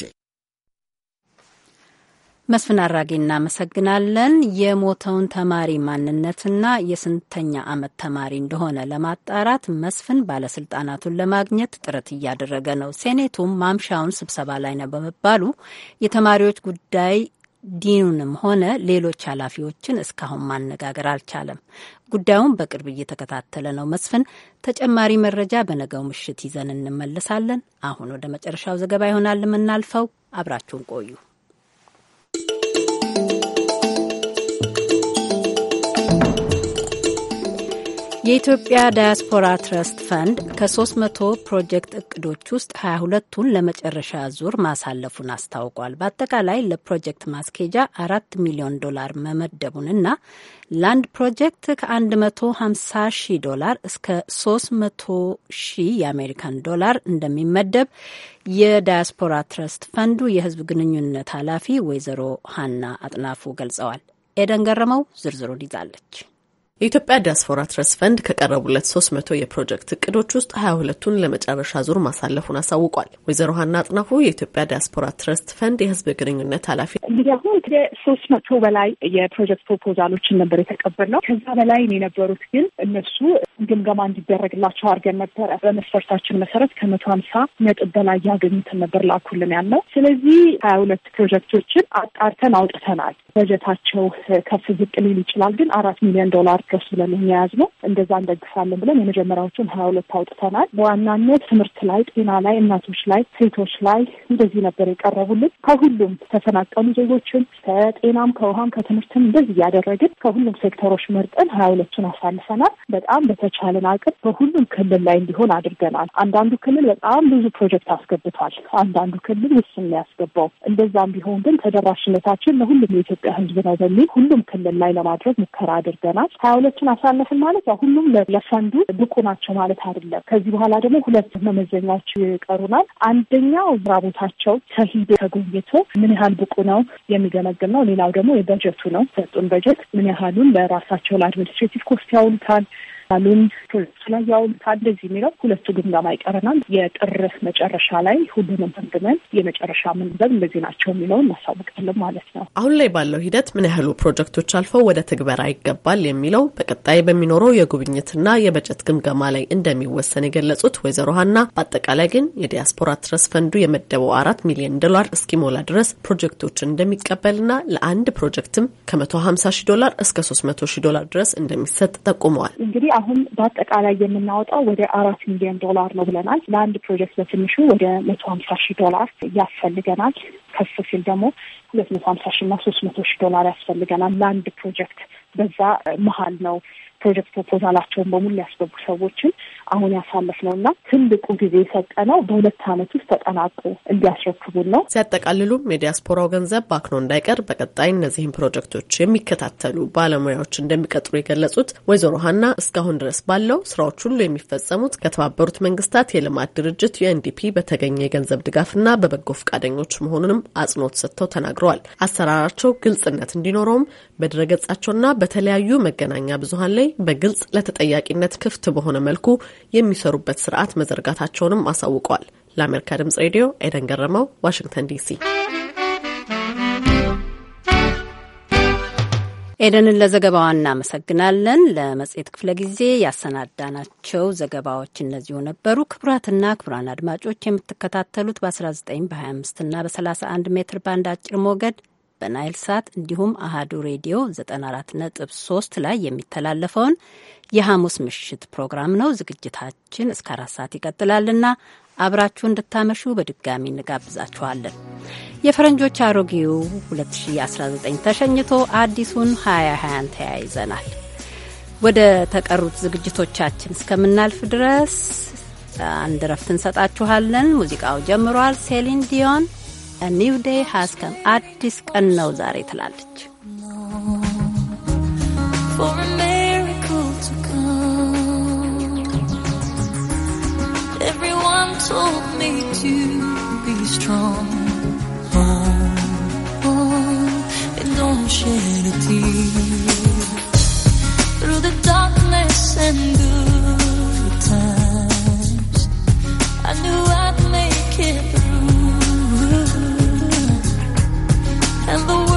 መስፍን አራጌ እናመሰግናለን። የሞተውን ተማሪ ማንነትና የስንተኛ ዓመት ተማሪ እንደሆነ ለማጣራት መስፍን ባለስልጣናቱን ለማግኘት ጥረት እያደረገ ነው። ሴኔቱም ማምሻውን ስብሰባ ላይ ነው በመባሉ የተማሪዎች ጉዳይ ዲኑንም ሆነ ሌሎች ኃላፊዎችን እስካሁን ማነጋገር አልቻለም። ጉዳዩን በቅርብ እየተከታተለ ነው። መስፍን ተጨማሪ መረጃ በነገው ምሽት ይዘን እንመለሳለን። አሁን ወደ መጨረሻው ዘገባ ይሆናል የምናልፈው። አብራችሁን ቆዩ። የኢትዮጵያ ዳያስፖራ ትረስት ፈንድ ከ300 ፕሮጀክት እቅዶች ውስጥ 22ቱን ለመጨረሻ ዙር ማሳለፉን አስታውቋል። በአጠቃላይ ለፕሮጀክት ማስኬጃ 4 ሚሊዮን ዶላር መመደቡንና ለአንድ ፕሮጀክት ከ150 ሺህ ዶላር እስከ 300 ሺህ የአሜሪካን ዶላር እንደሚመደብ የዳያስፖራ ትረስት ፈንዱ የሕዝብ ግንኙነት ኃላፊ ወይዘሮ ሀና አጥናፉ ገልጸዋል። ኤደን ገረመው ዝርዝሩን ይዛለች። የኢትዮጵያ ዲያስፖራ ትረስ ፈንድ ከቀረቡለት 300 የፕሮጀክት እቅዶች ውስጥ 22ቱን ለመጨረሻ ዙር ማሳለፉን አሳውቋል። ወይዘሮ ሀና አጥናፉ የኢትዮጵያ ዲያስፖራ ትረስት ፈንድ የህዝብ ግንኙነት ኃላፊ። እንግዲህ አሁን መቶ በላይ የፕሮጀክት ፕሮፖዛሎችን ነበር የተቀበልነው። ከዛ በላይ የነበሩት ግን እነሱ ግምገማ እንዲደረግላቸው አድርገን ነበረ። በመስፈርታችን መሰረት ከመቶ ሀምሳ ነጥብ በላይ ያገኙትን ነበር ላኩልን ያለው። ስለዚህ ሀያ ሁለት ፕሮጀክቶችን አጣርተን አውጥተናል። በጀታቸው ከፍ ዝቅ ሊል ይችላል፣ ግን አራት ሚሊዮን ዶላር ታገሱ ብለን ነው። እንደዛ እንደግፋለን ብለን የመጀመሪያዎቹን ሀያ ሁለት አውጥተናል። በዋናነት ትምህርት ላይ፣ ጤና ላይ፣ እናቶች ላይ፣ ሴቶች ላይ እንደዚህ ነበር የቀረቡልን። ከሁሉም ተፈናቀሉ ዜጎችን ከጤናም ከውሃም ከትምህርትም እንደዚህ እያደረግን ከሁሉም ሴክተሮች መርጠን ሀያ ሁለቱን አሳልፈናል። በጣም በተቻለን አቅም በሁሉም ክልል ላይ እንዲሆን አድርገናል። አንዳንዱ ክልል በጣም ብዙ ፕሮጀክት አስገብቷል። አንዳንዱ ክልል ውስን ነው ያስገባው። እንደዛም ቢሆን ግን ተደራሽነታችን ለሁሉም የኢትዮጵያ ሕዝብ ነው በሚል ሁሉም ክልል ላይ ለማድረግ ሙከራ አድርገናል። ሁለቱን አሳለፍን ማለት ያው ሁሉም ለፈንዱ ብቁ ናቸው ማለት አይደለም። ከዚህ በኋላ ደግሞ ሁለት መመዘኛዎች ይቀሩናል። አንደኛው ራቦታቸው ቦታቸው ከሂዶ ተጎብኝቶ ምን ያህል ብቁ ነው የሚገመግም ነው። ሌላው ደግሞ የበጀቱ ነው። ሰጡን በጀት ምን ያህሉን ለራሳቸው ለአድሚኒስትሬቲቭ ኮስት ያውሉታል አሉን ላይ ያው እንደዚህ የሚለው ሁለቱ ግምገማ ይቀረናል። የጥር መጨረሻ ላይ ሁሉንም ገምግመን የመጨረሻ ምንዘብ እንደዚህ ናቸው የሚለውን እናሳውቃለን ማለት ነው። አሁን ላይ ባለው ሂደት ምን ያህሉ ፕሮጀክቶች አልፈው ወደ ትግበራ ይገባል የሚለው በቀጣይ በሚኖረው የጉብኝትና የበጀት ግምገማ ላይ እንደሚወሰን የገለጹት ወይዘሮ ሀና በአጠቃላይ ግን የዲያስፖራ ትረስ ፈንዱ የመደበው አራት ሚሊዮን ዶላር እስኪሞላ ድረስ ፕሮጀክቶችን እንደሚቀበልና ለአንድ ፕሮጀክትም ከመቶ ሀምሳ ሺ ዶላር እስከ ሶስት መቶ ሺ ዶላር ድረስ እንደሚሰጥ ጠቁመዋል። እንግዲህ አሁን በአጠቃላይ የምናወጣው ወደ አራት ሚሊዮን ዶላር ነው ብለናል። ለአንድ ፕሮጀክት በትንሹ ወደ መቶ ሀምሳ ሺህ ዶላር ያስፈልገናል። ከፍ ሲል ደግሞ ሁለት መቶ ሀምሳ ሺህ እና ሶስት መቶ ሺህ ዶላር ያስፈልገናል ለአንድ ፕሮጀክት። በዛ መሀል ነው ፕሮጀክት ፕሮፖዛላቸውን በሙሉ ያስገቡ ሰዎችን አሁን ነው እና ትልቁ ጊዜ የሰጠነው በሁለት አመት ውስጥ ተጠናቆ እንዲያስረክቡን ነው። ሲያጠቃልሉም የዲያስፖራው ገንዘብ ባክኖ እንዳይቀር በቀጣይ እነዚህን ፕሮጀክቶች የሚከታተሉ ባለሙያዎች እንደሚቀጥሩ የገለጹት ወይዘሮ ሀና እስካሁን ድረስ ባለው ስራዎች ሁሉ የሚፈጸሙት ከተባበሩት መንግስታት የልማት ድርጅት ዩኤንዲፒ በተገኘ የገንዘብ ድጋፍና በበጎ ፈቃደኞች መሆኑንም አጽንኦት ሰጥተው ተናግረዋል። አሰራራቸው ግልጽነት እንዲኖረውም በድረገጻቸውና በተለያዩ መገናኛ ብዙሀን ላይ በግልጽ ለተጠያቂነት ክፍት በሆነ መልኩ የሚሰሩበት ስርዓት መዘርጋታቸውንም አሳውቀዋል። ለአሜሪካ ድምጽ ሬዲዮ ኤደን ገረመው፣ ዋሽንግተን ዲሲ። ኤደንን ለዘገባዋ እናመሰግናለን። ለመጽሔት ክፍለ ጊዜ ያሰናዳናቸው ዘገባዎች እነዚሁ ነበሩ። ክቡራትና ክቡራን አድማጮች የምትከታተሉት በ19 በ25ና በ31 ሜትር ባንድ አጭር ሞገድ በናይል ሳት እንዲሁም አሃዱ ሬዲዮ 94.3 ላይ የሚተላለፈውን የሐሙስ ምሽት ፕሮግራም ነው። ዝግጅታችን እስከ አራት ሰዓት ይቀጥላልና አብራችሁ እንድታመሹ በድጋሚ እንጋብዛችኋለን። የፈረንጆች አሮጌው 2019 ተሸኝቶ አዲሱን 2020ን ተያይዘናል። ወደ ተቀሩት ዝግጅቶቻችን እስከምናልፍ ድረስ አንድ ረፍት እንሰጣችኋለን። ሙዚቃው ጀምሯል። ሴሊን ዲዮን a new day has come. At አዲስ ቀን ነው to come, Everyone told me to be strong. Oh, oh, and don't shed a tear. Through the darkness and good times, I knew and the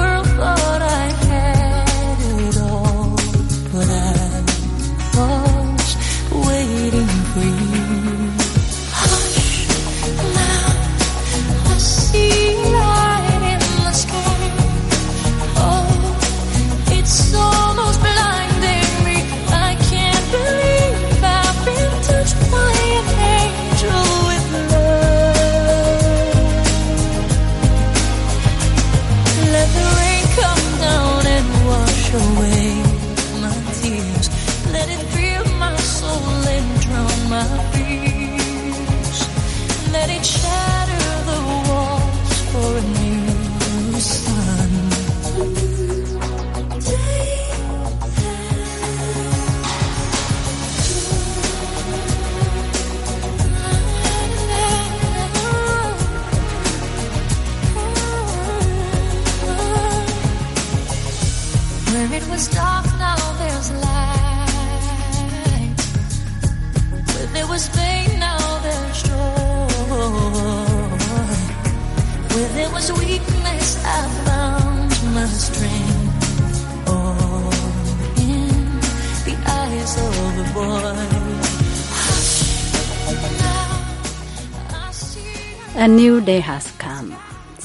ዴይ ሃዝ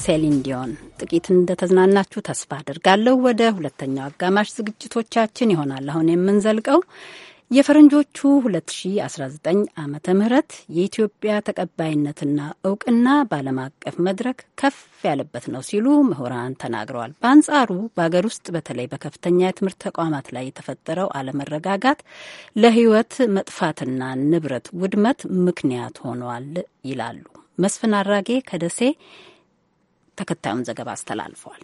ሴሊን ዲዮን። ጥቂት እንደተዝናናችሁ ተስፋ አድርጋለሁ። ወደ ሁለተኛው አጋማሽ ዝግጅቶቻችን ይሆናል አሁን የምንዘልቀው የፈረንጆቹ 2019 ዓመተ ምህረት የኢትዮጵያ ተቀባይነትና እውቅና በዓለም አቀፍ መድረክ ከፍ ያለበት ነው ሲሉ ምሁራን ተናግረዋል። በአንጻሩ በሀገር ውስጥ በተለይ በከፍተኛ የትምህርት ተቋማት ላይ የተፈጠረው አለመረጋጋት ለሕይወት መጥፋትና ንብረት ውድመት ምክንያት ሆኗል ይላሉ። መስፍን አራጌ ከደሴ ተከታዩን ዘገባ አስተላልፏል።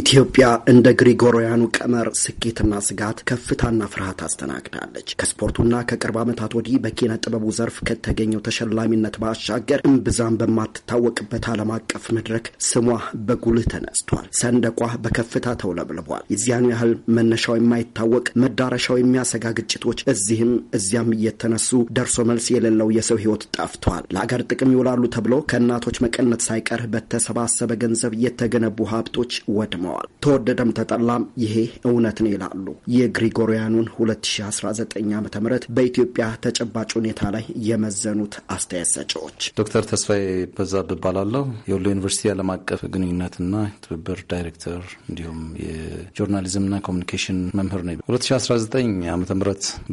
ኢትዮጵያ እንደ ግሪጎሪያኑ ቀመር ስኬትና ስጋት፣ ከፍታና ፍርሃት አስተናግዳለች። ከስፖርቱና ከቅርብ ዓመታት ወዲህ በኪነ ጥበቡ ዘርፍ ከተገኘው ተሸላሚነት ባሻገር እምብዛም በማትታወቅበት ዓለም አቀፍ መድረክ ስሟ በጉልህ ተነስቷል። ሰንደቋ በከፍታ ተውለብልቧል። የዚያኑ ያህል መነሻው የማይታወቅ መዳረሻው የሚያሰጋ ግጭቶች እዚህም እዚያም እየተነሱ ደርሶ መልስ የሌለው የሰው ሕይወት ጠፍቷል። ለአገር ጥቅም ይውላሉ ተብሎ ከእናቶች መቀነት ሳይቀር በተሰባሰበ ገንዘብ የተገነቡ ሀብቶች ወድመዋል። ተጠቅመዋል። ተወደደም ተጠላም ይሄ እውነት ነው ይላሉ። የግሪጎሪያኑን 2019 ዓ ም በኢትዮጵያ ተጨባጭ ሁኔታ ላይ የመዘኑት አስተያየት ሰጪዎች። ዶክተር ተስፋዬ በዛብህ እባላለሁ። የወሎ ዩኒቨርሲቲ ዓለም አቀፍ ግንኙነትና ትብብር ዳይሬክተር እንዲሁም የጆርናሊዝምና ኮሚኒኬሽን መምህር ነው። 2019 ዓ ም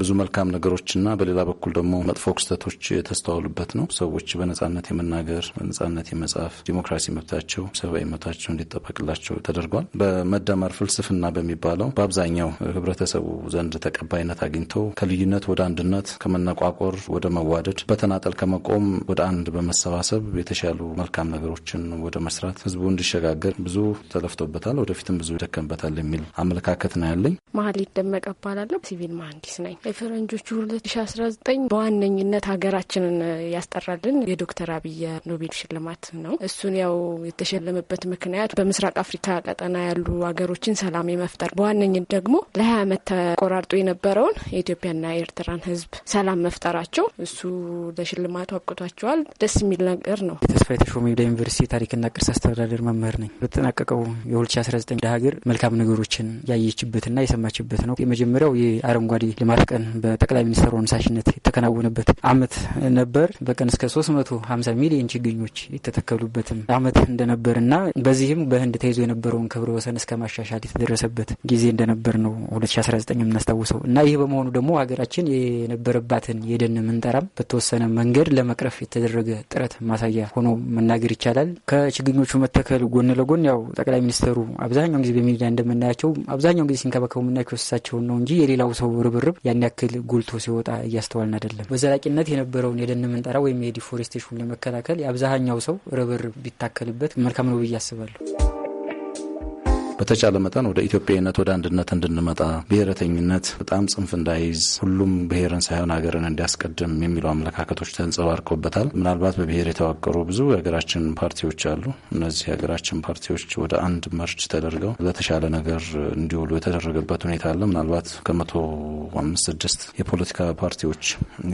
ብዙ መልካም ነገሮችና በሌላ በኩል ደግሞ መጥፎ ክስተቶች የተስተዋሉበት ነው። ሰዎች በነጻነት የመናገር በነጻነት የመጻፍ ዲሞክራሲ መብታቸው፣ ሰብአዊ መብታቸው እንዲጠበቅላቸው ተደርጓል። ተሰርቷል። በመደመር ፍልስፍና በሚባለው በአብዛኛው ህብረተሰቡ ዘንድ ተቀባይነት አግኝቶ ከልዩነት ወደ አንድነት፣ ከመነቋቆር ወደ መዋደድ፣ በተናጠል ከመቆም ወደ አንድ በመሰባሰብ የተሻሉ መልካም ነገሮችን ወደ መስራት ህዝቡ እንዲሸጋገር ብዙ ተለፍቶበታል። ወደፊትም ብዙ ይደከምበታል የሚል አመለካከት ነው ያለኝ። መሀል ይደመቅ እባላለሁ። ሲቪል መሀንዲስ ነኝ። የፈረንጆቹ 2019 በዋነኝነት ሀገራችንን ያስጠራልን የዶክተር አብይ ኖቤል ሽልማት ነው። እሱን ያው የተሸለመበት ምክንያት በምስራቅ አፍሪካ ቀጠ ቀጠና ያሉ ሀገሮችን ሰላም የመፍጠር በዋነኝነት ደግሞ ለሀያ ዓመት ተቆራርጦ የነበረውን የኢትዮጵያና የኤርትራን ህዝብ ሰላም መፍጠራቸው እሱ ለሽልማቱ አብቅቷቸዋል። ደስ የሚል ነገር ነው። ተስፋ የተሾመ ለዩኒቨርሲቲ ታሪክና ቅርስ አስተዳደር መምህር ነኝ። በተጠናቀቀው የ2019 ሀገር መልካም ነገሮችን ያየችበትና የሰማችበት ነው። የመጀመሪያው የአረንጓዴ ልማት ቀን በጠቅላይ ሚኒስትሩ አነሳሽነት የተከናወነበት አመት ነበር። በቀን እስከ 350 ሚሊዮን ችግኞች የተተከሉበትም አመት እንደነበርና በዚህም በህንድ ተይዞ የነበረውን ክብረ ወሰን እስከ ማሻሻል የተደረሰበት ጊዜ እንደነበር ነው 2019 የምናስታውሰው እና ይህ በመሆኑ ደግሞ ሀገራችን የነበረባትን የደን ምንጠራም በተወሰነ መንገድ ለመቅረፍ የተደረገ ጥረት ማሳያ ሆኖ መናገር ይቻላል። ከችግኞቹ መተከል ጎን ለጎን ያው ጠቅላይ ሚኒስትሩ አብዛኛውን ጊዜ በሚዲያ እንደምናያቸው አብዛኛውን ጊዜ ሲንከባከቡ የምናያቸው እሳቸውን ነው እንጂ የሌላው ሰው ርብርብ ያን ያክል ጎልቶ ሲወጣ እያስተዋልን አይደለም። በዘላቂነት የነበረውን የደን ምንጠራ ወይም የዲፎሬስቴሽን ለመከላከል የአብዛኛው ሰው ርብርብ ቢታከልበት መልካም ነው ብዬ አስባለሁ። በተቻለ መጠን ወደ ኢትዮጵያዊነት ወደ አንድነት እንድንመጣ ብሔረተኝነት በጣም ጽንፍ እንዳይዝ ሁሉም ብሔርን ሳይሆን ሀገርን እንዲያስቀድም የሚሉ አመለካከቶች ተንጸባርቀውበታል። ምናልባት በብሔር የተዋቀሩ ብዙ የሀገራችን ፓርቲዎች አሉ። እነዚህ የሀገራችን ፓርቲዎች ወደ አንድ መርች ተደርገው ለተሻለ ነገር እንዲውሉ የተደረገበት ሁኔታ አለ። ምናልባት ከመቶ አምስት ስድስት የፖለቲካ ፓርቲዎች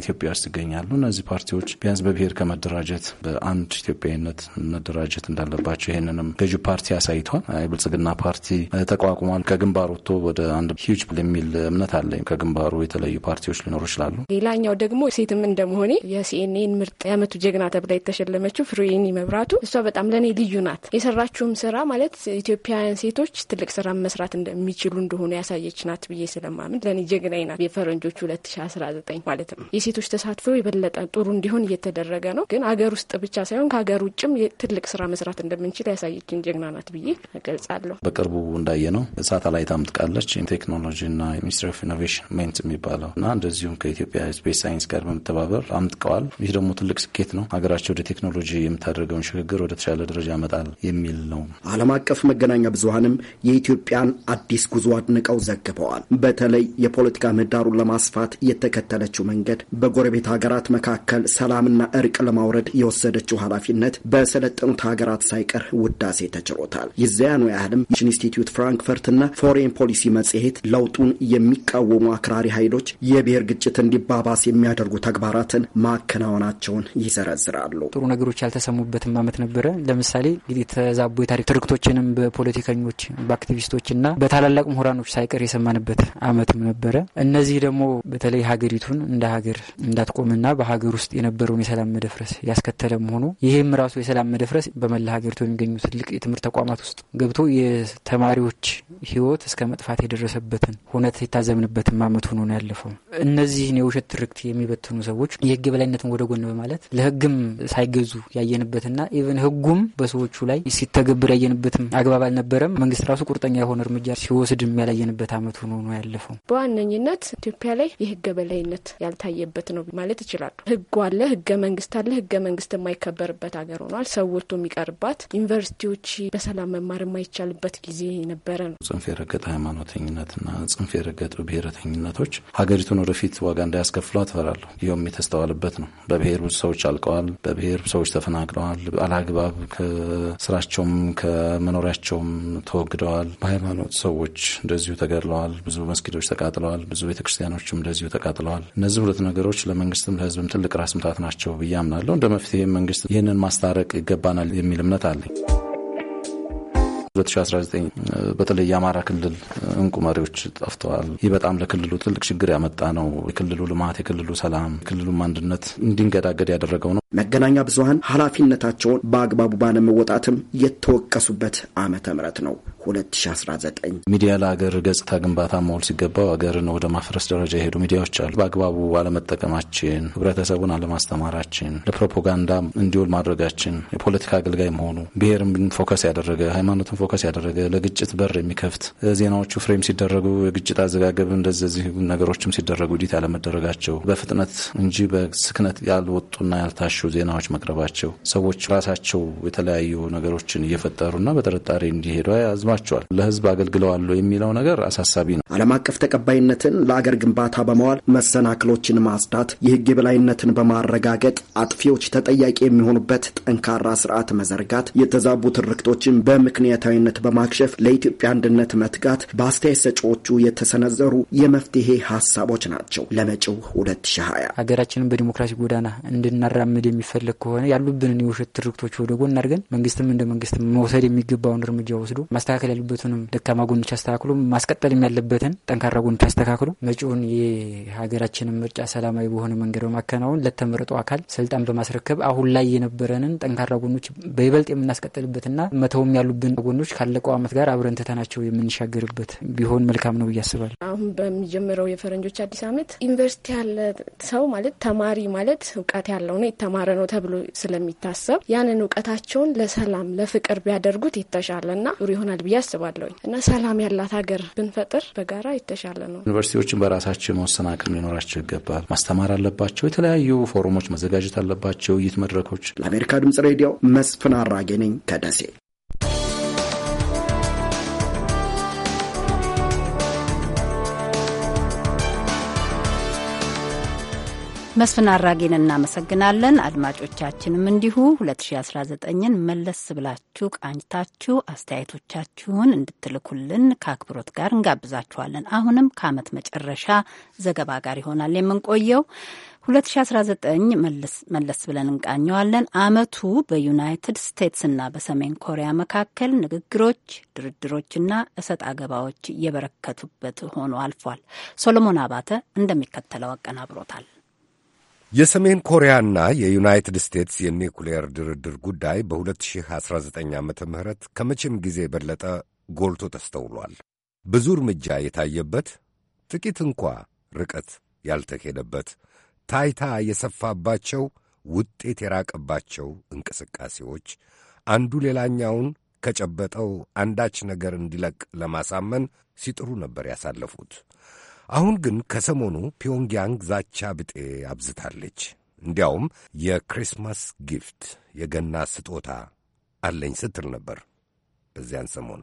ኢትዮጵያ ውስጥ ይገኛሉ። እነዚህ ፓርቲዎች ቢያንስ በብሔር ከመደራጀት በአንድ ኢትዮጵያዊነት መደራጀት እንዳለባቸው ይህንንም ገዢ ፓርቲ አሳይቷል። የብልጽግና ፓርቲ ፓርቲ ተቋቁሟል። ከግንባር ወጥቶ ወደ አንድ ሂውጅ የሚል እምነት አለኝ። ከግንባሩ የተለያዩ ፓርቲዎች ሊኖሩ ይችላሉ። ሌላኛው ደግሞ ሴትም እንደመሆኔ የሲኤንኤን ምርጥ የአመቱ ጀግና ተብላ የተሸለመችው ፍሬኒ መብራቱ እሷ በጣም ለእኔ ልዩ ናት። የሰራችውም ስራ ማለት ኢትዮጵያውያን ሴቶች ትልቅ ስራ መስራት እንደሚችሉ እንደሆነ ያሳየች ናት ብዬ ስለማምን ለእኔ ጀግናይ ናት። የፈረንጆቹ 2019 ማለት ነው። የሴቶች ተሳትፎ የበለጠ ጥሩ እንዲሆን እየተደረገ ነው። ግን አገር ውስጥ ብቻ ሳይሆን ከሀገር ውጭም ትልቅ ስራ መስራት እንደምንችል ያሳየችን ጀግና ናት ብዬ እገልጻለሁ። በቅርቡ እንዳየ ነው ሳተላይት አምጥቃለች። ቴክኖሎጂና ሚኒስትሪ ኦፍ ኢኖቬሽን ሜንት የሚባለው እና እንደዚሁም ከኢትዮጵያ ስፔስ ሳይንስ ጋር በመተባበር አምጥቀዋል። ይህ ደግሞ ትልቅ ስኬት ነው። ሀገራቸው ወደ ቴክኖሎጂ የምታደርገውን ሽግግር ወደ ተሻለ ደረጃ ያመጣል የሚል ነው። ዓለም አቀፍ መገናኛ ብዙሀንም የኢትዮጵያን አዲስ ጉዞ አድንቀው ዘግበዋል። በተለይ የፖለቲካ ምህዳሩን ለማስፋት የተከተለችው መንገድ በጎረቤት ሀገራት መካከል ሰላምና እርቅ ለማውረድ የወሰደችው ኃላፊነት በሰለጠኑት ሀገራት ሳይቀር ውዳሴ ተችሮታል። ነው ያህልም ኢንስቲትዩት ፍራንክፈርትና ፎሬን ፖሊሲ መጽሔት ለውጡን የሚቃወሙ አክራሪ ኃይሎች የብሔር ግጭት እንዲባባስ የሚያደርጉ ተግባራትን ማከናወናቸውን ይዘረዝራሉ። ጥሩ ነገሮች ያልተሰሙበትም ዓመት ነበረ። ለምሳሌ እንግዲህ የተዛቡ የታሪክ ትርክቶችንም በፖለቲከኞች በአክቲቪስቶችና በታላላቅ ምሁራኖች ሳይቀር የሰማንበት ዓመትም ነበረ። እነዚህ ደግሞ በተለይ ሀገሪቱን እንደ ሀገር እንዳትቆምና በሀገር ውስጥ የነበረውን የሰላም መደፍረስ ያስከተለ መሆኑ ይህም ራሱ የሰላም መደፍረስ በመላ ሀገሪቱ የሚገኙ ትልቅ የትምህርት ተቋማት ውስጥ ገብቶ ተማሪዎች ህይወት እስከ መጥፋት የደረሰበትን ሁነት የታዘብንበትም አመት ሆኖ ነው ያለፈው። እነዚህን የውሸት ትርክት የሚበትኑ ሰዎች የህግ የበላይነትን ወደ ጎን በማለት ለህግም ሳይገዙ ያየንበትና ኢቨን ህጉም በሰዎቹ ላይ ሲተገብር ያየንበትም አግባብ አልነበረም። መንግስት ራሱ ቁርጠኛ የሆነ እርምጃ ሲወስድም ያላየንበት አመት ሆኖ ነው ያለፈው። በዋነኝነት ኢትዮጵያ ላይ የህገ በላይነት ያልታየበት ነው ማለት ይችላሉ። ህጉ አለ፣ ህገ መንግስት አለ። ህገ መንግስት የማይከበርበት ሀገር ሆኗል። ሰው ወጥቶ የሚቀርባት ዩኒቨርሲቲዎች በሰላም መማር የማይቻልበት ጊዜ የነበረ ነው። ጽንፍ የረገጠ ሃይማኖተኝነትና ጽንፍ የረገጡ ብሔረተኝነቶች ሀገሪቱን ወደፊት ዋጋ እንዳያስከፍሏ ትፈራለሁ ይኸውም የተስተዋለበት ነው። በብሔር ብዙ ሰዎች አልቀዋል። በብሔር ሰዎች ተፈናቅለዋል። አላግባብ ከስራቸውም ከመኖሪያቸውም ተወግደዋል። በሃይማኖት ሰዎች እንደዚሁ ተገድለዋል። ብዙ መስጊዶች ተቃጥለዋል። ብዙ ቤተክርስቲያኖችም እንደዚሁ ተቃጥለዋል። እነዚህ ሁለት ነገሮች ለመንግስትም ለህዝብም ትልቅ ራስ ምታት ናቸው ብዬ አምናለሁ። እንደ መፍትሄ መንግስት ይህንን ማስታረቅ ይገባናል የሚል እምነት አለኝ። 2019 በተለይ የአማራ ክልል እንቁ መሪዎች ጠፍተዋል። ይህ በጣም ለክልሉ ትልቅ ችግር ያመጣ ነው። የክልሉ ልማት፣ የክልሉ ሰላም፣ የክልሉም አንድነት እንዲንገዳገድ ያደረገው ነው። መገናኛ ብዙሀን ኃላፊነታቸውን በአግባቡ ባለመወጣትም የተወቀሱበት ዓመተ ምህረት ነው 2019። ሚዲያ ለአገር ገጽታ ግንባታ መውል ሲገባው አገርን ወደ ማፍረስ ደረጃ የሄዱ ሚዲያዎች አሉ። በአግባቡ አለመጠቀማችን፣ ህብረተሰቡን አለማስተማራችን፣ ለፕሮፓጋንዳ እንዲውል ማድረጋችን፣ የፖለቲካ አገልጋይ መሆኑ፣ ብሔርን ፎከስ ያደረገ ሃይማኖትን ፎከስ ያደረገ ለግጭት በር የሚከፍት ዜናዎቹ ፍሬም ሲደረጉ የግጭት አዘጋገብ እንደዚህ ነገሮችም ሲደረጉ ዲት ያለመደረጋቸው በፍጥነት እንጂ በስክነት ያልወጡና ያልታሽ የተበላሹ ዜናዎች መቅረባቸው ሰዎች ራሳቸው የተለያዩ ነገሮችን እየፈጠሩና በጥርጣሬ እንዲሄዱ ያዝማቸዋል። ለህዝብ አገልግለዋሉ የሚለው ነገር አሳሳቢ ነው። ዓለም አቀፍ ተቀባይነትን ለአገር ግንባታ በመዋል መሰናክሎችን ማጽዳት፣ የህግ የበላይነትን በማረጋገጥ አጥፊዎች ተጠያቂ የሚሆኑበት ጠንካራ ስርዓት መዘርጋት፣ የተዛቡ ትርክቶችን በምክንያታዊነት በማክሸፍ ለኢትዮጵያ አንድነት መትጋት በአስተያየት ሰጪዎቹ የተሰነዘሩ የመፍትሄ ሀሳቦች ናቸው። ለመጪው 2020 ሀገራችንን በዲሞክራሲ ጎዳና እንድናራምድ የሚፈለግ ከሆነ ያሉብንን የውሸት ትርክቶች ወደ ጎን አድርገን መንግስትም እንደ መንግስት መውሰድ የሚገባውን እርምጃ ወስዶ ማስተካከል ያሉበትንም ደካማ ጎኖች አስተካክሎ ማስቀጠል ያለበትን ጠንካራ ጎኖች አስተካክሎ መጪውን የሀገራችንን ምርጫ ሰላማዊ በሆነ መንገድ በማከናወን ለተመረጡ አካል ስልጣን በማስረከብ አሁን ላይ የነበረንን ጠንካራ ጎኖች በይበልጥ የምናስቀጥልበትና መተውም ያሉብን ጎኖች ካለቀው ዓመት ጋር አብረን ትተናቸው የምንሻገርበት ቢሆን መልካም ነው ብዬ አስባለሁ። አሁን በሚጀምረው የፈረንጆች አዲስ ዓመት ዩኒቨርሲቲ ያለ ሰው ማለት ተማሪ ማለት እውቀት ያለው ነው የተማረ ነው ተብሎ ስለሚታሰብ ያንን እውቀታቸውን ለሰላም ለፍቅር ቢያደርጉት የተሻለና ጥሩ ይሆናል ብዬ አስባለሁኝ እና ሰላም ያላት ሀገር ብንፈጥር በጋራ የተሻለ ነው። ዩኒቨርሲቲዎችን በራሳቸው የመወሰን አቅም ሊኖራቸው ይገባል። ማስተማር አለባቸው። የተለያዩ ፎረሞች መዘጋጀት አለባቸው። ውይይት መድረኮች። ለአሜሪካ ድምጽ ሬዲዮ መስፍን አራጌ ነኝ ከደሴ። መስፍን አራጌን እናመሰግናለን። አድማጮቻችንም እንዲሁ 2019ን መለስ ብላችሁ ቃኝታችሁ አስተያየቶቻችሁን እንድትልኩልን ከአክብሮት ጋር እንጋብዛችኋለን። አሁንም ከዓመት መጨረሻ ዘገባ ጋር ይሆናል የምንቆየው። 2019 መለስ ብለን እንቃኘዋለን። አመቱ በዩናይትድ ስቴትስና በሰሜን ኮሪያ መካከል ንግግሮች፣ ድርድሮችና እሰጥ አገባዎች እየበረከቱበት ሆኖ አልፏል። ሶሎሞን አባተ እንደሚከተለው አቀናብሮታል። የሰሜን ኮሪያና የዩናይትድ ስቴትስ የኒውክሌየር ድርድር ጉዳይ በ2019 ዓ ም ከመቼም ጊዜ የበለጠ ጎልቶ ተስተውሏል። ብዙ እርምጃ የታየበት ጥቂት እንኳ ርቀት ያልተሄደበት ታይታ የሰፋባቸው ውጤት የራቀባቸው እንቅስቃሴዎች አንዱ ሌላኛውን ከጨበጠው አንዳች ነገር እንዲለቅ ለማሳመን ሲጥሩ ነበር ያሳለፉት። አሁን ግን ከሰሞኑ ፒዮንግያንግ ዛቻ ብጤ አብዝታለች። እንዲያውም የክሪስማስ ጊፍት የገና ስጦታ አለኝ ስትል ነበር በዚያን ሰሞን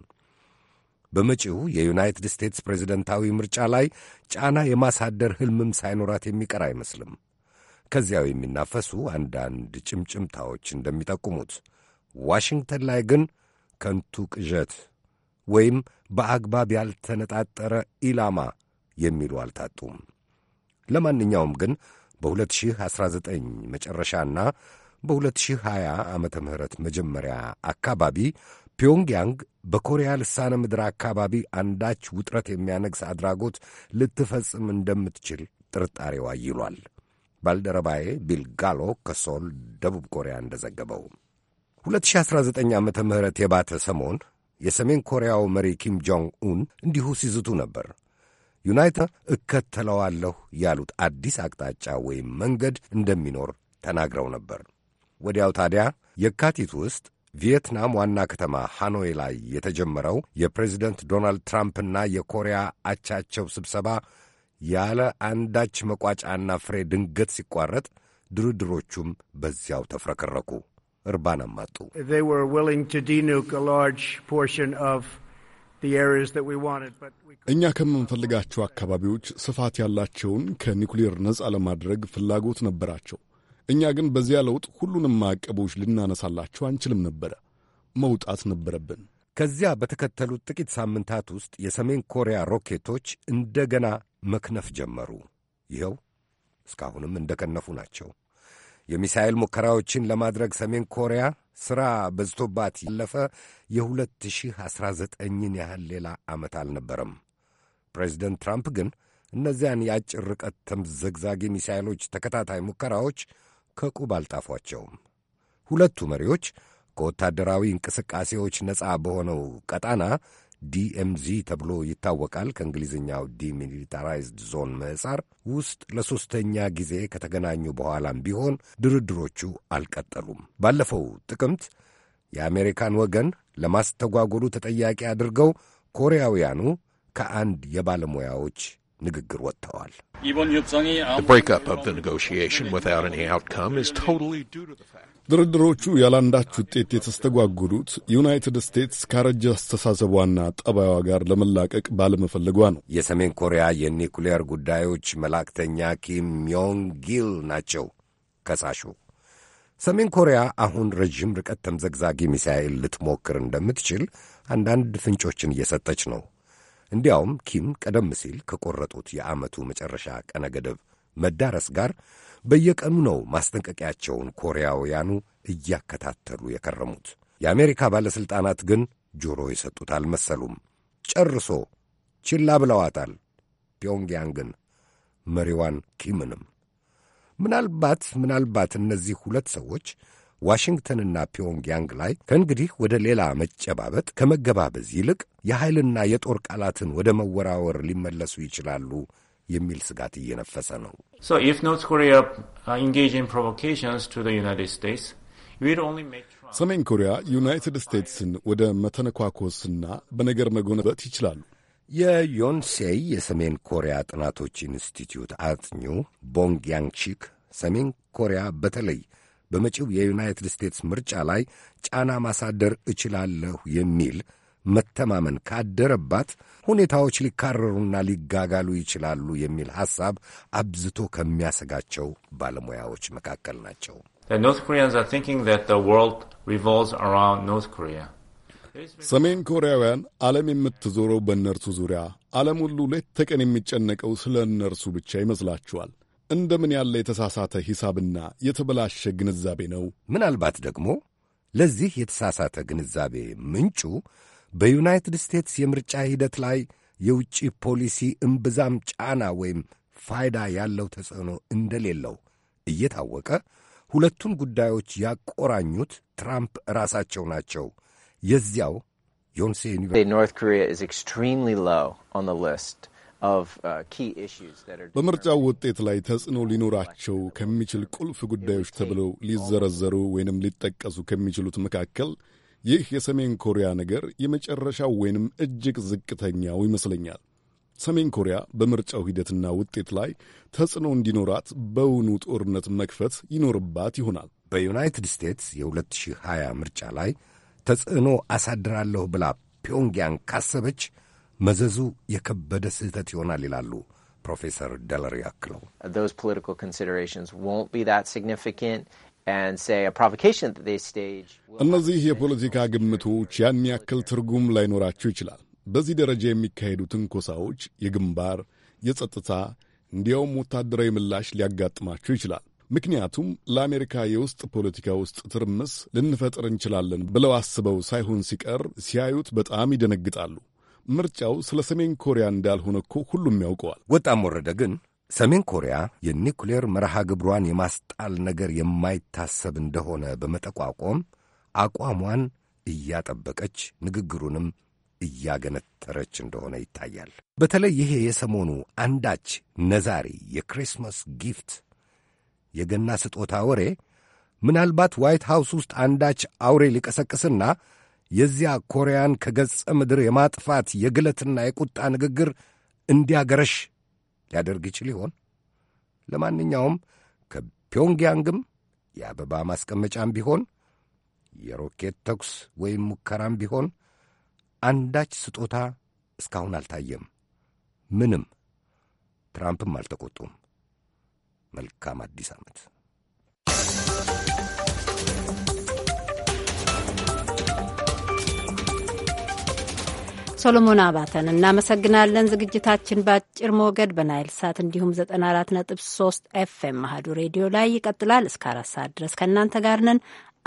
በመጪው የዩናይትድ ስቴትስ ፕሬዚደንታዊ ምርጫ ላይ ጫና የማሳደር ሕልምም ሳይኖራት የሚቀር አይመስልም። ከዚያው የሚናፈሱ አንዳንድ ጭምጭምታዎች እንደሚጠቁሙት ዋሽንግተን ላይ ግን ከንቱ ቅዠት ወይም በአግባብ ያልተነጣጠረ ኢላማ የሚሉ አልታጡም። ለማንኛውም ግን በ2019 መጨረሻና በ2020 ዓመተ ምህረት መጀመሪያ አካባቢ ፒዮንግያንግ በኮሪያ ልሳነ ምድር አካባቢ አንዳች ውጥረት የሚያነግስ አድራጎት ልትፈጽም እንደምትችል ጥርጣሬዋ ይሏል። ባልደረባዬ ቢል ጋሎ ከሶል ደቡብ ኮሪያ እንደዘገበው 2019 ዓ ም የባተ ሰሞን የሰሜን ኮሪያው መሪ ኪም ጆንግ ኡን እንዲሁ ሲዝቱ ነበር። ዩናይትድ እከተለዋለሁ ያሉት አዲስ አቅጣጫ ወይም መንገድ እንደሚኖር ተናግረው ነበር። ወዲያው ታዲያ የካቲት ውስጥ ቪየትናም ዋና ከተማ ሃኖይ ላይ የተጀመረው የፕሬዚደንት ዶናልድ ትራምፕና የኮሪያ አቻቸው ስብሰባ ያለ አንዳች መቋጫና ፍሬ ድንገት ሲቋረጥ፣ ድርድሮቹም በዚያው ተፍረከረኩ፣ እርባናም አጡ። እኛ ከምንፈልጋቸው አካባቢዎች ስፋት ያላቸውን ከኒውክሌር ነጻ ለማድረግ ፍላጎት ነበራቸው። እኛ ግን በዚያ ለውጥ ሁሉንም ማዕቀቦች ልናነሳላቸው አንችልም ነበረ። መውጣት ነበረብን። ከዚያ በተከተሉት ጥቂት ሳምንታት ውስጥ የሰሜን ኮሪያ ሮኬቶች እንደገና መክነፍ ጀመሩ። ይኸው እስካሁንም እንደከነፉ ናቸው። የሚሳኤል ሙከራዎችን ለማድረግ ሰሜን ኮሪያ ሥራ በዝቶባት ያለፈ የ2019ን ያህል ሌላ ዓመት አልነበረም። ፕሬዚደንት ትራምፕ ግን እነዚያን የአጭር ርቀት ተምዘግዛጊ ሚሳይሎች ተከታታይ ሙከራዎች ከቁብ አልጣፏቸውም። ሁለቱ መሪዎች ከወታደራዊ እንቅስቃሴዎች ነፃ በሆነው ቀጣና ዲኤምዚ ተብሎ ይታወቃል። ከእንግሊዝኛው ዲሚሊታራይዝድ ዞን ምዕጻር ውስጥ ለሦስተኛ ጊዜ ከተገናኙ በኋላም ቢሆን ድርድሮቹ አልቀጠሉም። ባለፈው ጥቅምት የአሜሪካን ወገን ለማስተጓጎሉ ተጠያቂ አድርገው ኮሪያውያኑ ከአንድ የባለሙያዎች ንግግር ወጥተዋል። ድርድሮቹ ያለአንዳች ውጤት የተስተጓጉሉት ዩናይትድ ስቴትስ ካረጀ አስተሳሰቧና ጠባዩዋ ጋር ለመላቀቅ ባለመፈለጓ ነው። የሰሜን ኮሪያ የኒኩሌር ጉዳዮች መላእክተኛ ኪም ዮንግ ጊል ናቸው ከሳሹ። ሰሜን ኮሪያ አሁን ረዥም ርቀት ተምዘግዛጊ ሚሳኤል ልትሞክር እንደምትችል አንዳንድ ፍንጮችን እየሰጠች ነው። እንዲያውም ኪም ቀደም ሲል ከቆረጡት የዓመቱ መጨረሻ ቀነ ገደብ መዳረስ ጋር በየቀኑ ነው ማስጠንቀቂያቸውን ኮሪያውያኑ እያከታተሉ የከረሙት። የአሜሪካ ባለሥልጣናት ግን ጆሮ የሰጡት አልመሰሉም። ጨርሶ ችላ ብለዋታል። ፒዮንግያንግን፣ መሪዋን ኪምንም። ምናልባት ምናልባት እነዚህ ሁለት ሰዎች ዋሽንግተንና ፒዮንግያንግ ላይ ከእንግዲህ ወደ ሌላ መጨባበጥ ከመገባበዝ ይልቅ የኃይልና የጦር ቃላትን ወደ መወራወር ሊመለሱ ይችላሉ የሚል ስጋት እየነፈሰ ነው። uh, ሰሜን ኮሪያ ዩናይትድ ስቴትስን ወደ መተነኳኮስና በነገር መጎነበጥ ይችላሉ። የዮንሴይ የሰሜን ኮሪያ ጥናቶች ኢንስቲትዩት አጥኚ ቦንግ ያንግቺክ ሰሜን ኮሪያ በተለይ በመጪው የዩናይትድ ስቴትስ ምርጫ ላይ ጫና ማሳደር እችላለሁ የሚል መተማመን ካደረባት ሁኔታዎች ሊካረሩና ሊጋጋሉ ይችላሉ የሚል ሐሳብ አብዝቶ ከሚያሰጋቸው ባለሙያዎች መካከል ናቸው። ሰሜን ኮሪያውያን ዓለም የምትዞረው በእነርሱ ዙሪያ፣ ዓለም ሁሉ ሌት ተቀን የሚጨነቀው ስለ እነርሱ ብቻ ይመስላችኋል። እንደምን ያለ የተሳሳተ ሂሳብና የተበላሸ ግንዛቤ ነው። ምናልባት ደግሞ ለዚህ የተሳሳተ ግንዛቤ ምንጩ በዩናይትድ ስቴትስ የምርጫ ሂደት ላይ የውጭ ፖሊሲ እምብዛም ጫና ወይም ፋይዳ ያለው ተጽዕኖ እንደሌለው እየታወቀ ሁለቱን ጉዳዮች ያቆራኙት ትራምፕ ራሳቸው ናቸው። የዚያው ዮንሴ ዩኒቨርሲቲ uh, በምርጫው ውጤት ላይ ተጽዕኖ ሊኖራቸው ከሚችል ቁልፍ ጉዳዮች ተብለው ሊዘረዘሩ ወይንም ሊጠቀሱ ከሚችሉት መካከል ይህ የሰሜን ኮሪያ ነገር የመጨረሻው ወይንም እጅግ ዝቅተኛው ይመስለኛል። ሰሜን ኮሪያ በምርጫው ሂደትና ውጤት ላይ ተጽዕኖ እንዲኖራት በውኑ ጦርነት መክፈት ይኖርባት ይሆናል። በዩናይትድ ስቴትስ የ2020 ምርጫ ላይ ተጽዕኖ አሳድራለሁ ብላ ፒዮንግያንግ ካሰበች መዘዙ የከበደ ስህተት ይሆናል ይላሉ ፕሮፌሰር ደለር ያክለው እነዚህ የፖለቲካ ግምቶች ያን ያክል ትርጉም ላይኖራቸው ይችላል። በዚህ ደረጃ የሚካሄዱ ትንኮሳዎች የግንባር፣ የጸጥታ እንዲያውም ወታደራዊ ምላሽ ሊያጋጥማቸው ይችላል። ምክንያቱም ለአሜሪካ የውስጥ ፖለቲካ ውስጥ ትርምስ ልንፈጥር እንችላለን ብለው አስበው ሳይሆን ሲቀር ሲያዩት በጣም ይደነግጣሉ። ምርጫው ስለ ሰሜን ኮሪያ እንዳልሆነ እኮ ሁሉም ያውቀዋል። ወጣም ወረደ ግን ሰሜን ኮሪያ የኒኩሌር መርሃ ግብሯን የማስጣል ነገር የማይታሰብ እንደሆነ በመጠቋቆም አቋሟን እያጠበቀች ንግግሩንም እያገነተረች እንደሆነ ይታያል። በተለይ ይሄ የሰሞኑ አንዳች ነዛሪ የክሪስማስ ጊፍት የገና ስጦታ ወሬ ምናልባት ዋይት ሃውስ ውስጥ አንዳች አውሬ ሊቀሰቅስና የዚያ ኮሪያን ከገጸ ምድር የማጥፋት የግለትና የቁጣ ንግግር እንዲያገረሽ ሊያደርግ ይችል ይሆን? ለማንኛውም ከፒዮንግያንግም የአበባ ማስቀመጫም ቢሆን የሮኬት ተኩስ ወይም ሙከራም ቢሆን አንዳች ስጦታ እስካሁን አልታየም። ምንም። ትራምፕም አልተቆጡም። መልካም አዲስ ዓመት። ሶሎሞን አባተን እናመሰግናለን። ዝግጅታችን በአጭር ሞገድ በናይል ሳት እንዲሁም 94.3 ኤፍኤም አህዱ ሬዲዮ ላይ ይቀጥላል። እስከ አራት ሰዓት ድረስ ከእናንተ ጋር ነን።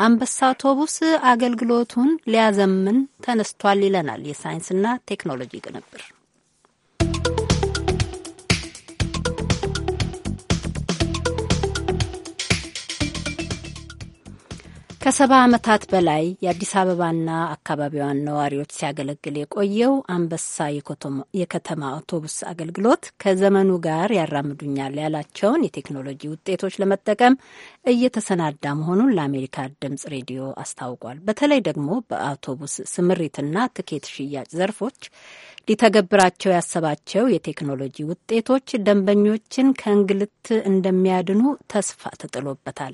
አንበሳ አውቶቡስ አገልግሎቱን ሊያዘምን ተነስቷል ይለናል የሳይንስና ቴክኖሎጂ ቅንብር ከሰባ ዓመታት በላይ የአዲስ አበባና አካባቢዋን ነዋሪዎች ሲያገለግል የቆየው አንበሳ የከተማ አውቶቡስ አገልግሎት ከዘመኑ ጋር ያራምዱኛል ያላቸውን የቴክኖሎጂ ውጤቶች ለመጠቀም እየተሰናዳ መሆኑን ለአሜሪካ ድምጽ ሬዲዮ አስታውቋል። በተለይ ደግሞ በአውቶቡስ ስምሪትና ትኬት ሽያጭ ዘርፎች ሊተገብራቸው ያሰባቸው የቴክኖሎጂ ውጤቶች ደንበኞችን ከእንግልት እንደሚያድኑ ተስፋ ተጥሎበታል።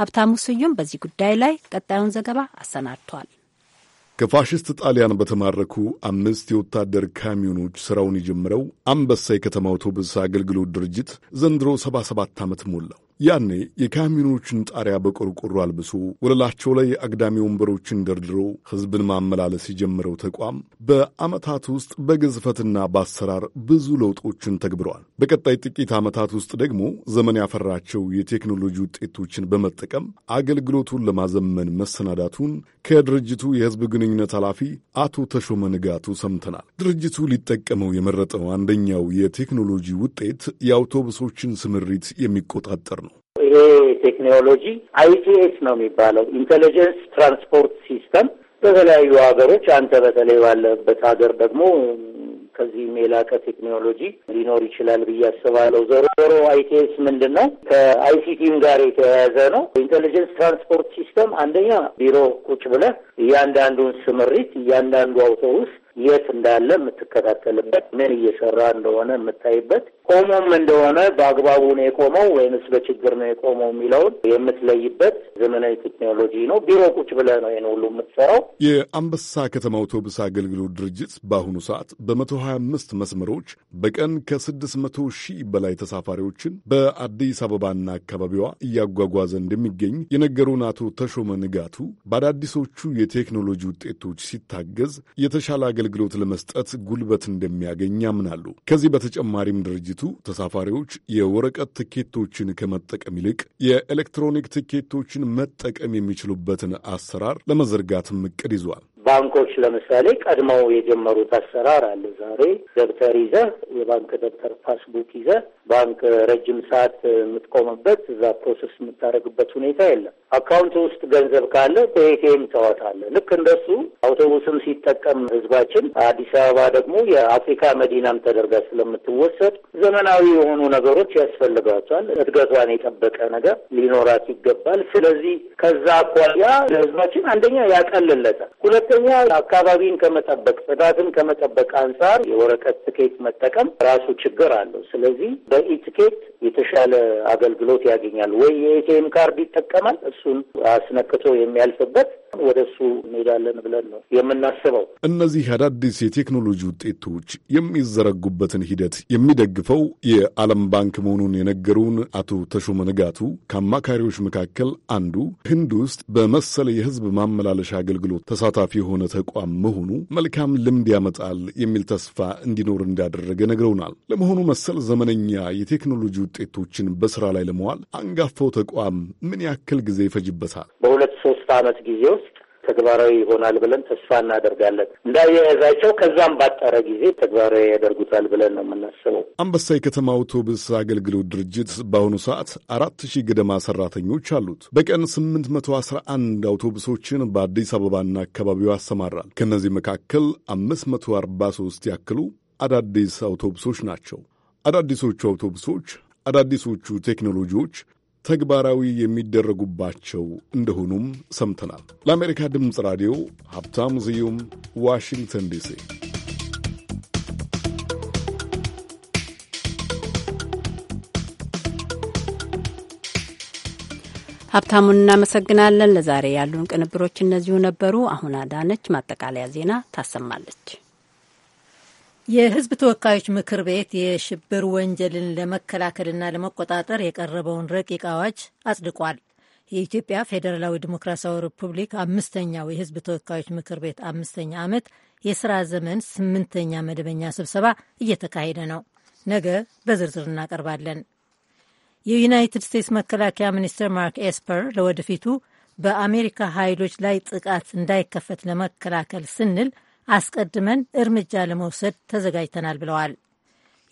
ሀብታሙ ስዩም በዚህ ጉዳይ ላይ ቀጣዩን ዘገባ አሰናድቷል። ከፋሽስት ጣሊያን በተማረኩ አምስት የወታደር ካሚዮኖች ሥራውን የጀመረው አንበሳ የከተማ አውቶቡስ አገልግሎት ድርጅት ዘንድሮ 77 ዓመት ሞላው። ያኔ የካሚኖቹን ጣሪያ በቆርቆሮ አልብሶ ወለላቸው ላይ አግዳሚ ወንበሮችን ደርድሮ ሕዝብን ማመላለስ የጀመረው ተቋም በዓመታት ውስጥ በግዝፈትና በአሰራር ብዙ ለውጦችን ተግብረዋል። በቀጣይ ጥቂት ዓመታት ውስጥ ደግሞ ዘመን ያፈራቸው የቴክኖሎጂ ውጤቶችን በመጠቀም አገልግሎቱን ለማዘመን መሰናዳቱን ከድርጅቱ የሕዝብ ግንኙነት ኃላፊ አቶ ተሾመ ንጋቱ ሰምተናል። ድርጅቱ ሊጠቀመው የመረጠው አንደኛው የቴክኖሎጂ ውጤት የአውቶቡሶችን ስምሪት የሚቆጣጠር ነው። ይሄ ቴክኖሎጂ አይቲኤስ ነው የሚባለው ኢንቴሊጀንስ ትራንስፖርት ሲስተም በተለያዩ ሀገሮች አንተ በተለይ ባለበት ሀገር ደግሞ ከዚህም የላቀ ቴክኖሎጂ ሊኖር ይችላል ብዬ አስባለሁ። ዞሮ ዞሮ አይቲኤስ ምንድን ነው? ከአይሲቲም ጋር የተያያዘ ነው። ኢንቴሊጀንስ ትራንስፖርት ሲስተም አንደኛ ቢሮ ቁጭ ብለህ እያንዳንዱን ስምሪት፣ እያንዳንዱ አውቶቡስ የት እንዳለ የምትከታተልበት፣ ምን እየሰራ እንደሆነ የምታይበት ቆሞም እንደሆነ በአግባቡ ነው የቆመው ወይንስ በችግር ነው የቆመው የሚለውን የምትለይበት ዘመናዊ ቴክኖሎጂ ነው። ቢሮ ቁጭ ብለህ ነው ይህን ሁሉ የምትሰራው። የአንበሳ ከተማ አውቶቡስ አገልግሎት ድርጅት በአሁኑ ሰዓት በመቶ ሀያ አምስት መስመሮች በቀን ከስድስት መቶ ሺህ በላይ ተሳፋሪዎችን በአዲስ አበባና አካባቢዋ እያጓጓዘ እንደሚገኝ የነገሩን አቶ ተሾመ ንጋቱ በአዳዲሶቹ የቴክኖሎጂ ውጤቶች ሲታገዝ የተሻለ አገልግሎት ለመስጠት ጉልበት እንደሚያገኝ ያምናሉ። ከዚህ በተጨማሪም ድርጅት ድርጅቱ ተሳፋሪዎች የወረቀት ትኬቶችን ከመጠቀም ይልቅ የኤሌክትሮኒክ ትኬቶችን መጠቀም የሚችሉበትን አሰራር ለመዘርጋትም እቅድ ይዟል። ባንኮች ለምሳሌ ቀድመው የጀመሩት አሰራር አለ። ዛሬ ደብተር ይዘህ የባንክ ደብተር ፓስቡክ ይዘህ ባንክ ረጅም ሰዓት የምትቆምበት እዛ ፕሮሰስ የምታደርግበት ሁኔታ የለም። አካውንት ውስጥ ገንዘብ ካለ በኤቲኤም አለ ልክ እንደሱ አውቶቡስም ሲጠቀም ህዝባችን፣ አዲስ አበባ ደግሞ የአፍሪካ መዲናም ተደርጋ ስለምትወሰድ ዘመናዊ የሆኑ ነገሮች ያስፈልጋቸዋል። እድገቷን የጠበቀ ነገር ሊኖራት ይገባል። ስለዚህ ከዛ አኳያ ለህዝባችን አንደኛ ያቀልለታል፣ ሁለተኛ ሁለተኛ አካባቢን ከመጠበቅ ጽዳትን ከመጠበቅ አንጻር የወረቀት ትኬት መጠቀም ራሱ ችግር አለው። ስለዚህ በኢትኬት የተሻለ አገልግሎት ያገኛል ወይ የኤቲኤም ካርድ ይጠቀማል፣ እሱን አስነክቶ የሚያልፍበት ወደ እሱ እንሄዳለን ብለን ነው የምናስበው። እነዚህ አዳዲስ የቴክኖሎጂ ውጤቶች የሚዘረጉበትን ሂደት የሚደግፈው የዓለም ባንክ መሆኑን የነገሩን አቶ ተሾመ ንጋቱ ከአማካሪዎች መካከል አንዱ ህንድ ውስጥ በመሰለ የህዝብ ማመላለሻ አገልግሎት ተሳታፊ የሆነ ተቋም መሆኑ መልካም ልምድ ያመጣል የሚል ተስፋ እንዲኖር እንዳደረገ ነግረውናል። ለመሆኑ መሰል ዘመነኛ የቴክኖሎጂ ውጤቶችን በስራ ላይ ለመዋል አንጋፋው ተቋም ምን ያክል ጊዜ ይፈጅበታል? በሁለት ሶስት ዓመት ጊዜ ውስጥ ተግባራዊ ይሆናል ብለን ተስፋ እናደርጋለን። እንዳያያዛቸው ከዛም ባጠረ ጊዜ ተግባራዊ ያደርጉታል ብለን ነው የምናስበው። አንበሳ የከተማ አውቶቡስ አገልግሎት ድርጅት በአሁኑ ሰዓት አራት ሺህ ገደማ ሰራተኞች አሉት። በቀን ስምንት መቶ አስራ አንድ አውቶቡሶችን በአዲስ አበባና አካባቢው ያሰማራል። ከእነዚህ መካከል አምስት መቶ አርባ ሶስት ያክሉ አዳዲስ አውቶቡሶች ናቸው። አዳዲሶቹ አውቶቡሶች አዳዲሶቹ ቴክኖሎጂዎች ተግባራዊ የሚደረጉባቸው እንደሆኑም ሰምተናል። ለአሜሪካ ድምፅ ራዲዮ ሀብታም ስዩም ዋሽንግተን ዲሲ። ሀብታሙን እናመሰግናለን። ለዛሬ ያሉን ቅንብሮች እነዚሁ ነበሩ። አሁን አዳነች ማጠቃለያ ዜና ታሰማለች። የህዝብ ተወካዮች ምክር ቤት የሽብር ወንጀልን ለመከላከልና ለመቆጣጠር የቀረበውን ረቂቅ አዋጅ አጽድቋል። የኢትዮጵያ ፌዴራላዊ ዲሞክራሲያዊ ሪፑብሊክ አምስተኛው የህዝብ ተወካዮች ምክር ቤት አምስተኛ ዓመት የሥራ ዘመን ስምንተኛ መደበኛ ስብሰባ እየተካሄደ ነው። ነገ በዝርዝር እናቀርባለን። የዩናይትድ ስቴትስ መከላከያ ሚኒስትር ማርክ ኤስፐር ለወደፊቱ በአሜሪካ ኃይሎች ላይ ጥቃት እንዳይከፈት ለመከላከል ስንል አስቀድመን እርምጃ ለመውሰድ ተዘጋጅተናል ብለዋል።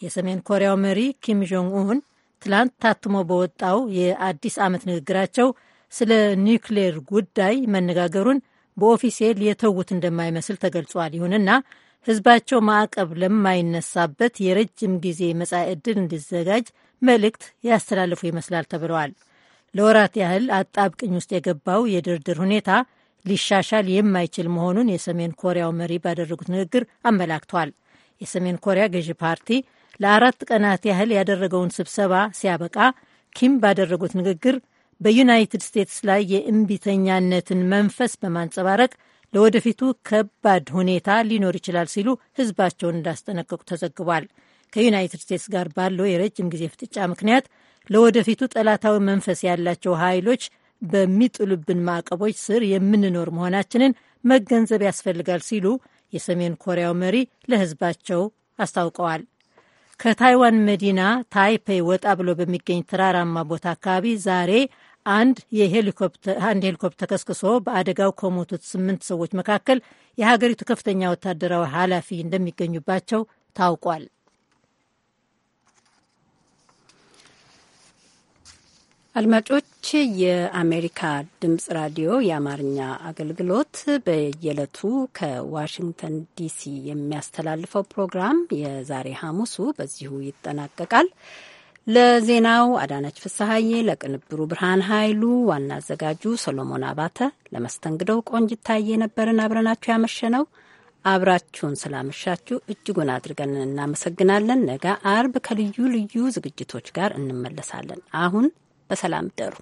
የሰሜን ኮሪያው መሪ ኪም ጆንግ ኡን ትላንት ታትሞ በወጣው የአዲስ ዓመት ንግግራቸው ስለ ኒውክሌር ጉዳይ መነጋገሩን በኦፊሴል የተዉት እንደማይመስል ተገልጿል። ይሁንና ሕዝባቸው ማዕቀብ ለማይነሳበት የረጅም ጊዜ መጻኢ ዕድል እንዲዘጋጅ መልእክት ያስተላልፉ ይመስላል ተብለዋል። ለወራት ያህል አጣብቅኝ ውስጥ የገባው የድርድር ሁኔታ ሊሻሻል የማይችል መሆኑን የሰሜን ኮሪያው መሪ ባደረጉት ንግግር አመላክቷል። የሰሜን ኮሪያ ገዢ ፓርቲ ለአራት ቀናት ያህል ያደረገውን ስብሰባ ሲያበቃ ኪም ባደረጉት ንግግር በዩናይትድ ስቴትስ ላይ የእምቢተኛነትን መንፈስ በማንጸባረቅ ለወደፊቱ ከባድ ሁኔታ ሊኖር ይችላል ሲሉ ሕዝባቸውን እንዳስጠነቀቁ ተዘግቧል። ከዩናይትድ ስቴትስ ጋር ባለው የረጅም ጊዜ ፍጥጫ ምክንያት ለወደፊቱ ጠላታዊ መንፈስ ያላቸው ኃይሎች በሚጥሉብን ማዕቀቦች ስር የምንኖር መሆናችንን መገንዘብ ያስፈልጋል ሲሉ የሰሜን ኮሪያው መሪ ለሕዝባቸው አስታውቀዋል። ከታይዋን መዲና ታይፔይ ወጣ ብሎ በሚገኝ ተራራማ ቦታ አካባቢ ዛሬ አንድ ሄሊኮፕተር ተከስክሶ በአደጋው ከሞቱት ስምንት ሰዎች መካከል የሀገሪቱ ከፍተኛ ወታደራዊ ኃላፊ እንደሚገኙባቸው ታውቋል። አድማጮች የአሜሪካ ድምጽ ራዲዮ የአማርኛ አገልግሎት በየዕለቱ ከዋሽንግተን ዲሲ የሚያስተላልፈው ፕሮግራም የዛሬ ሐሙሱ በዚሁ ይጠናቀቃል። ለዜናው አዳነች ፍስሐዬ፣ ለቅንብሩ ብርሃን ኃይሉ፣ ዋና አዘጋጁ ሰሎሞን አባተ፣ ለመስተንግደው ቆንጅታዬ ነበርን አብረናችሁ ያመሸነው። አብራችሁን ስላመሻችሁ እጅጉን አድርገን እናመሰግናለን። ነገ አርብ ከልዩ ልዩ ዝግጅቶች ጋር እንመለሳለን። አሁን በሰላም ደሩ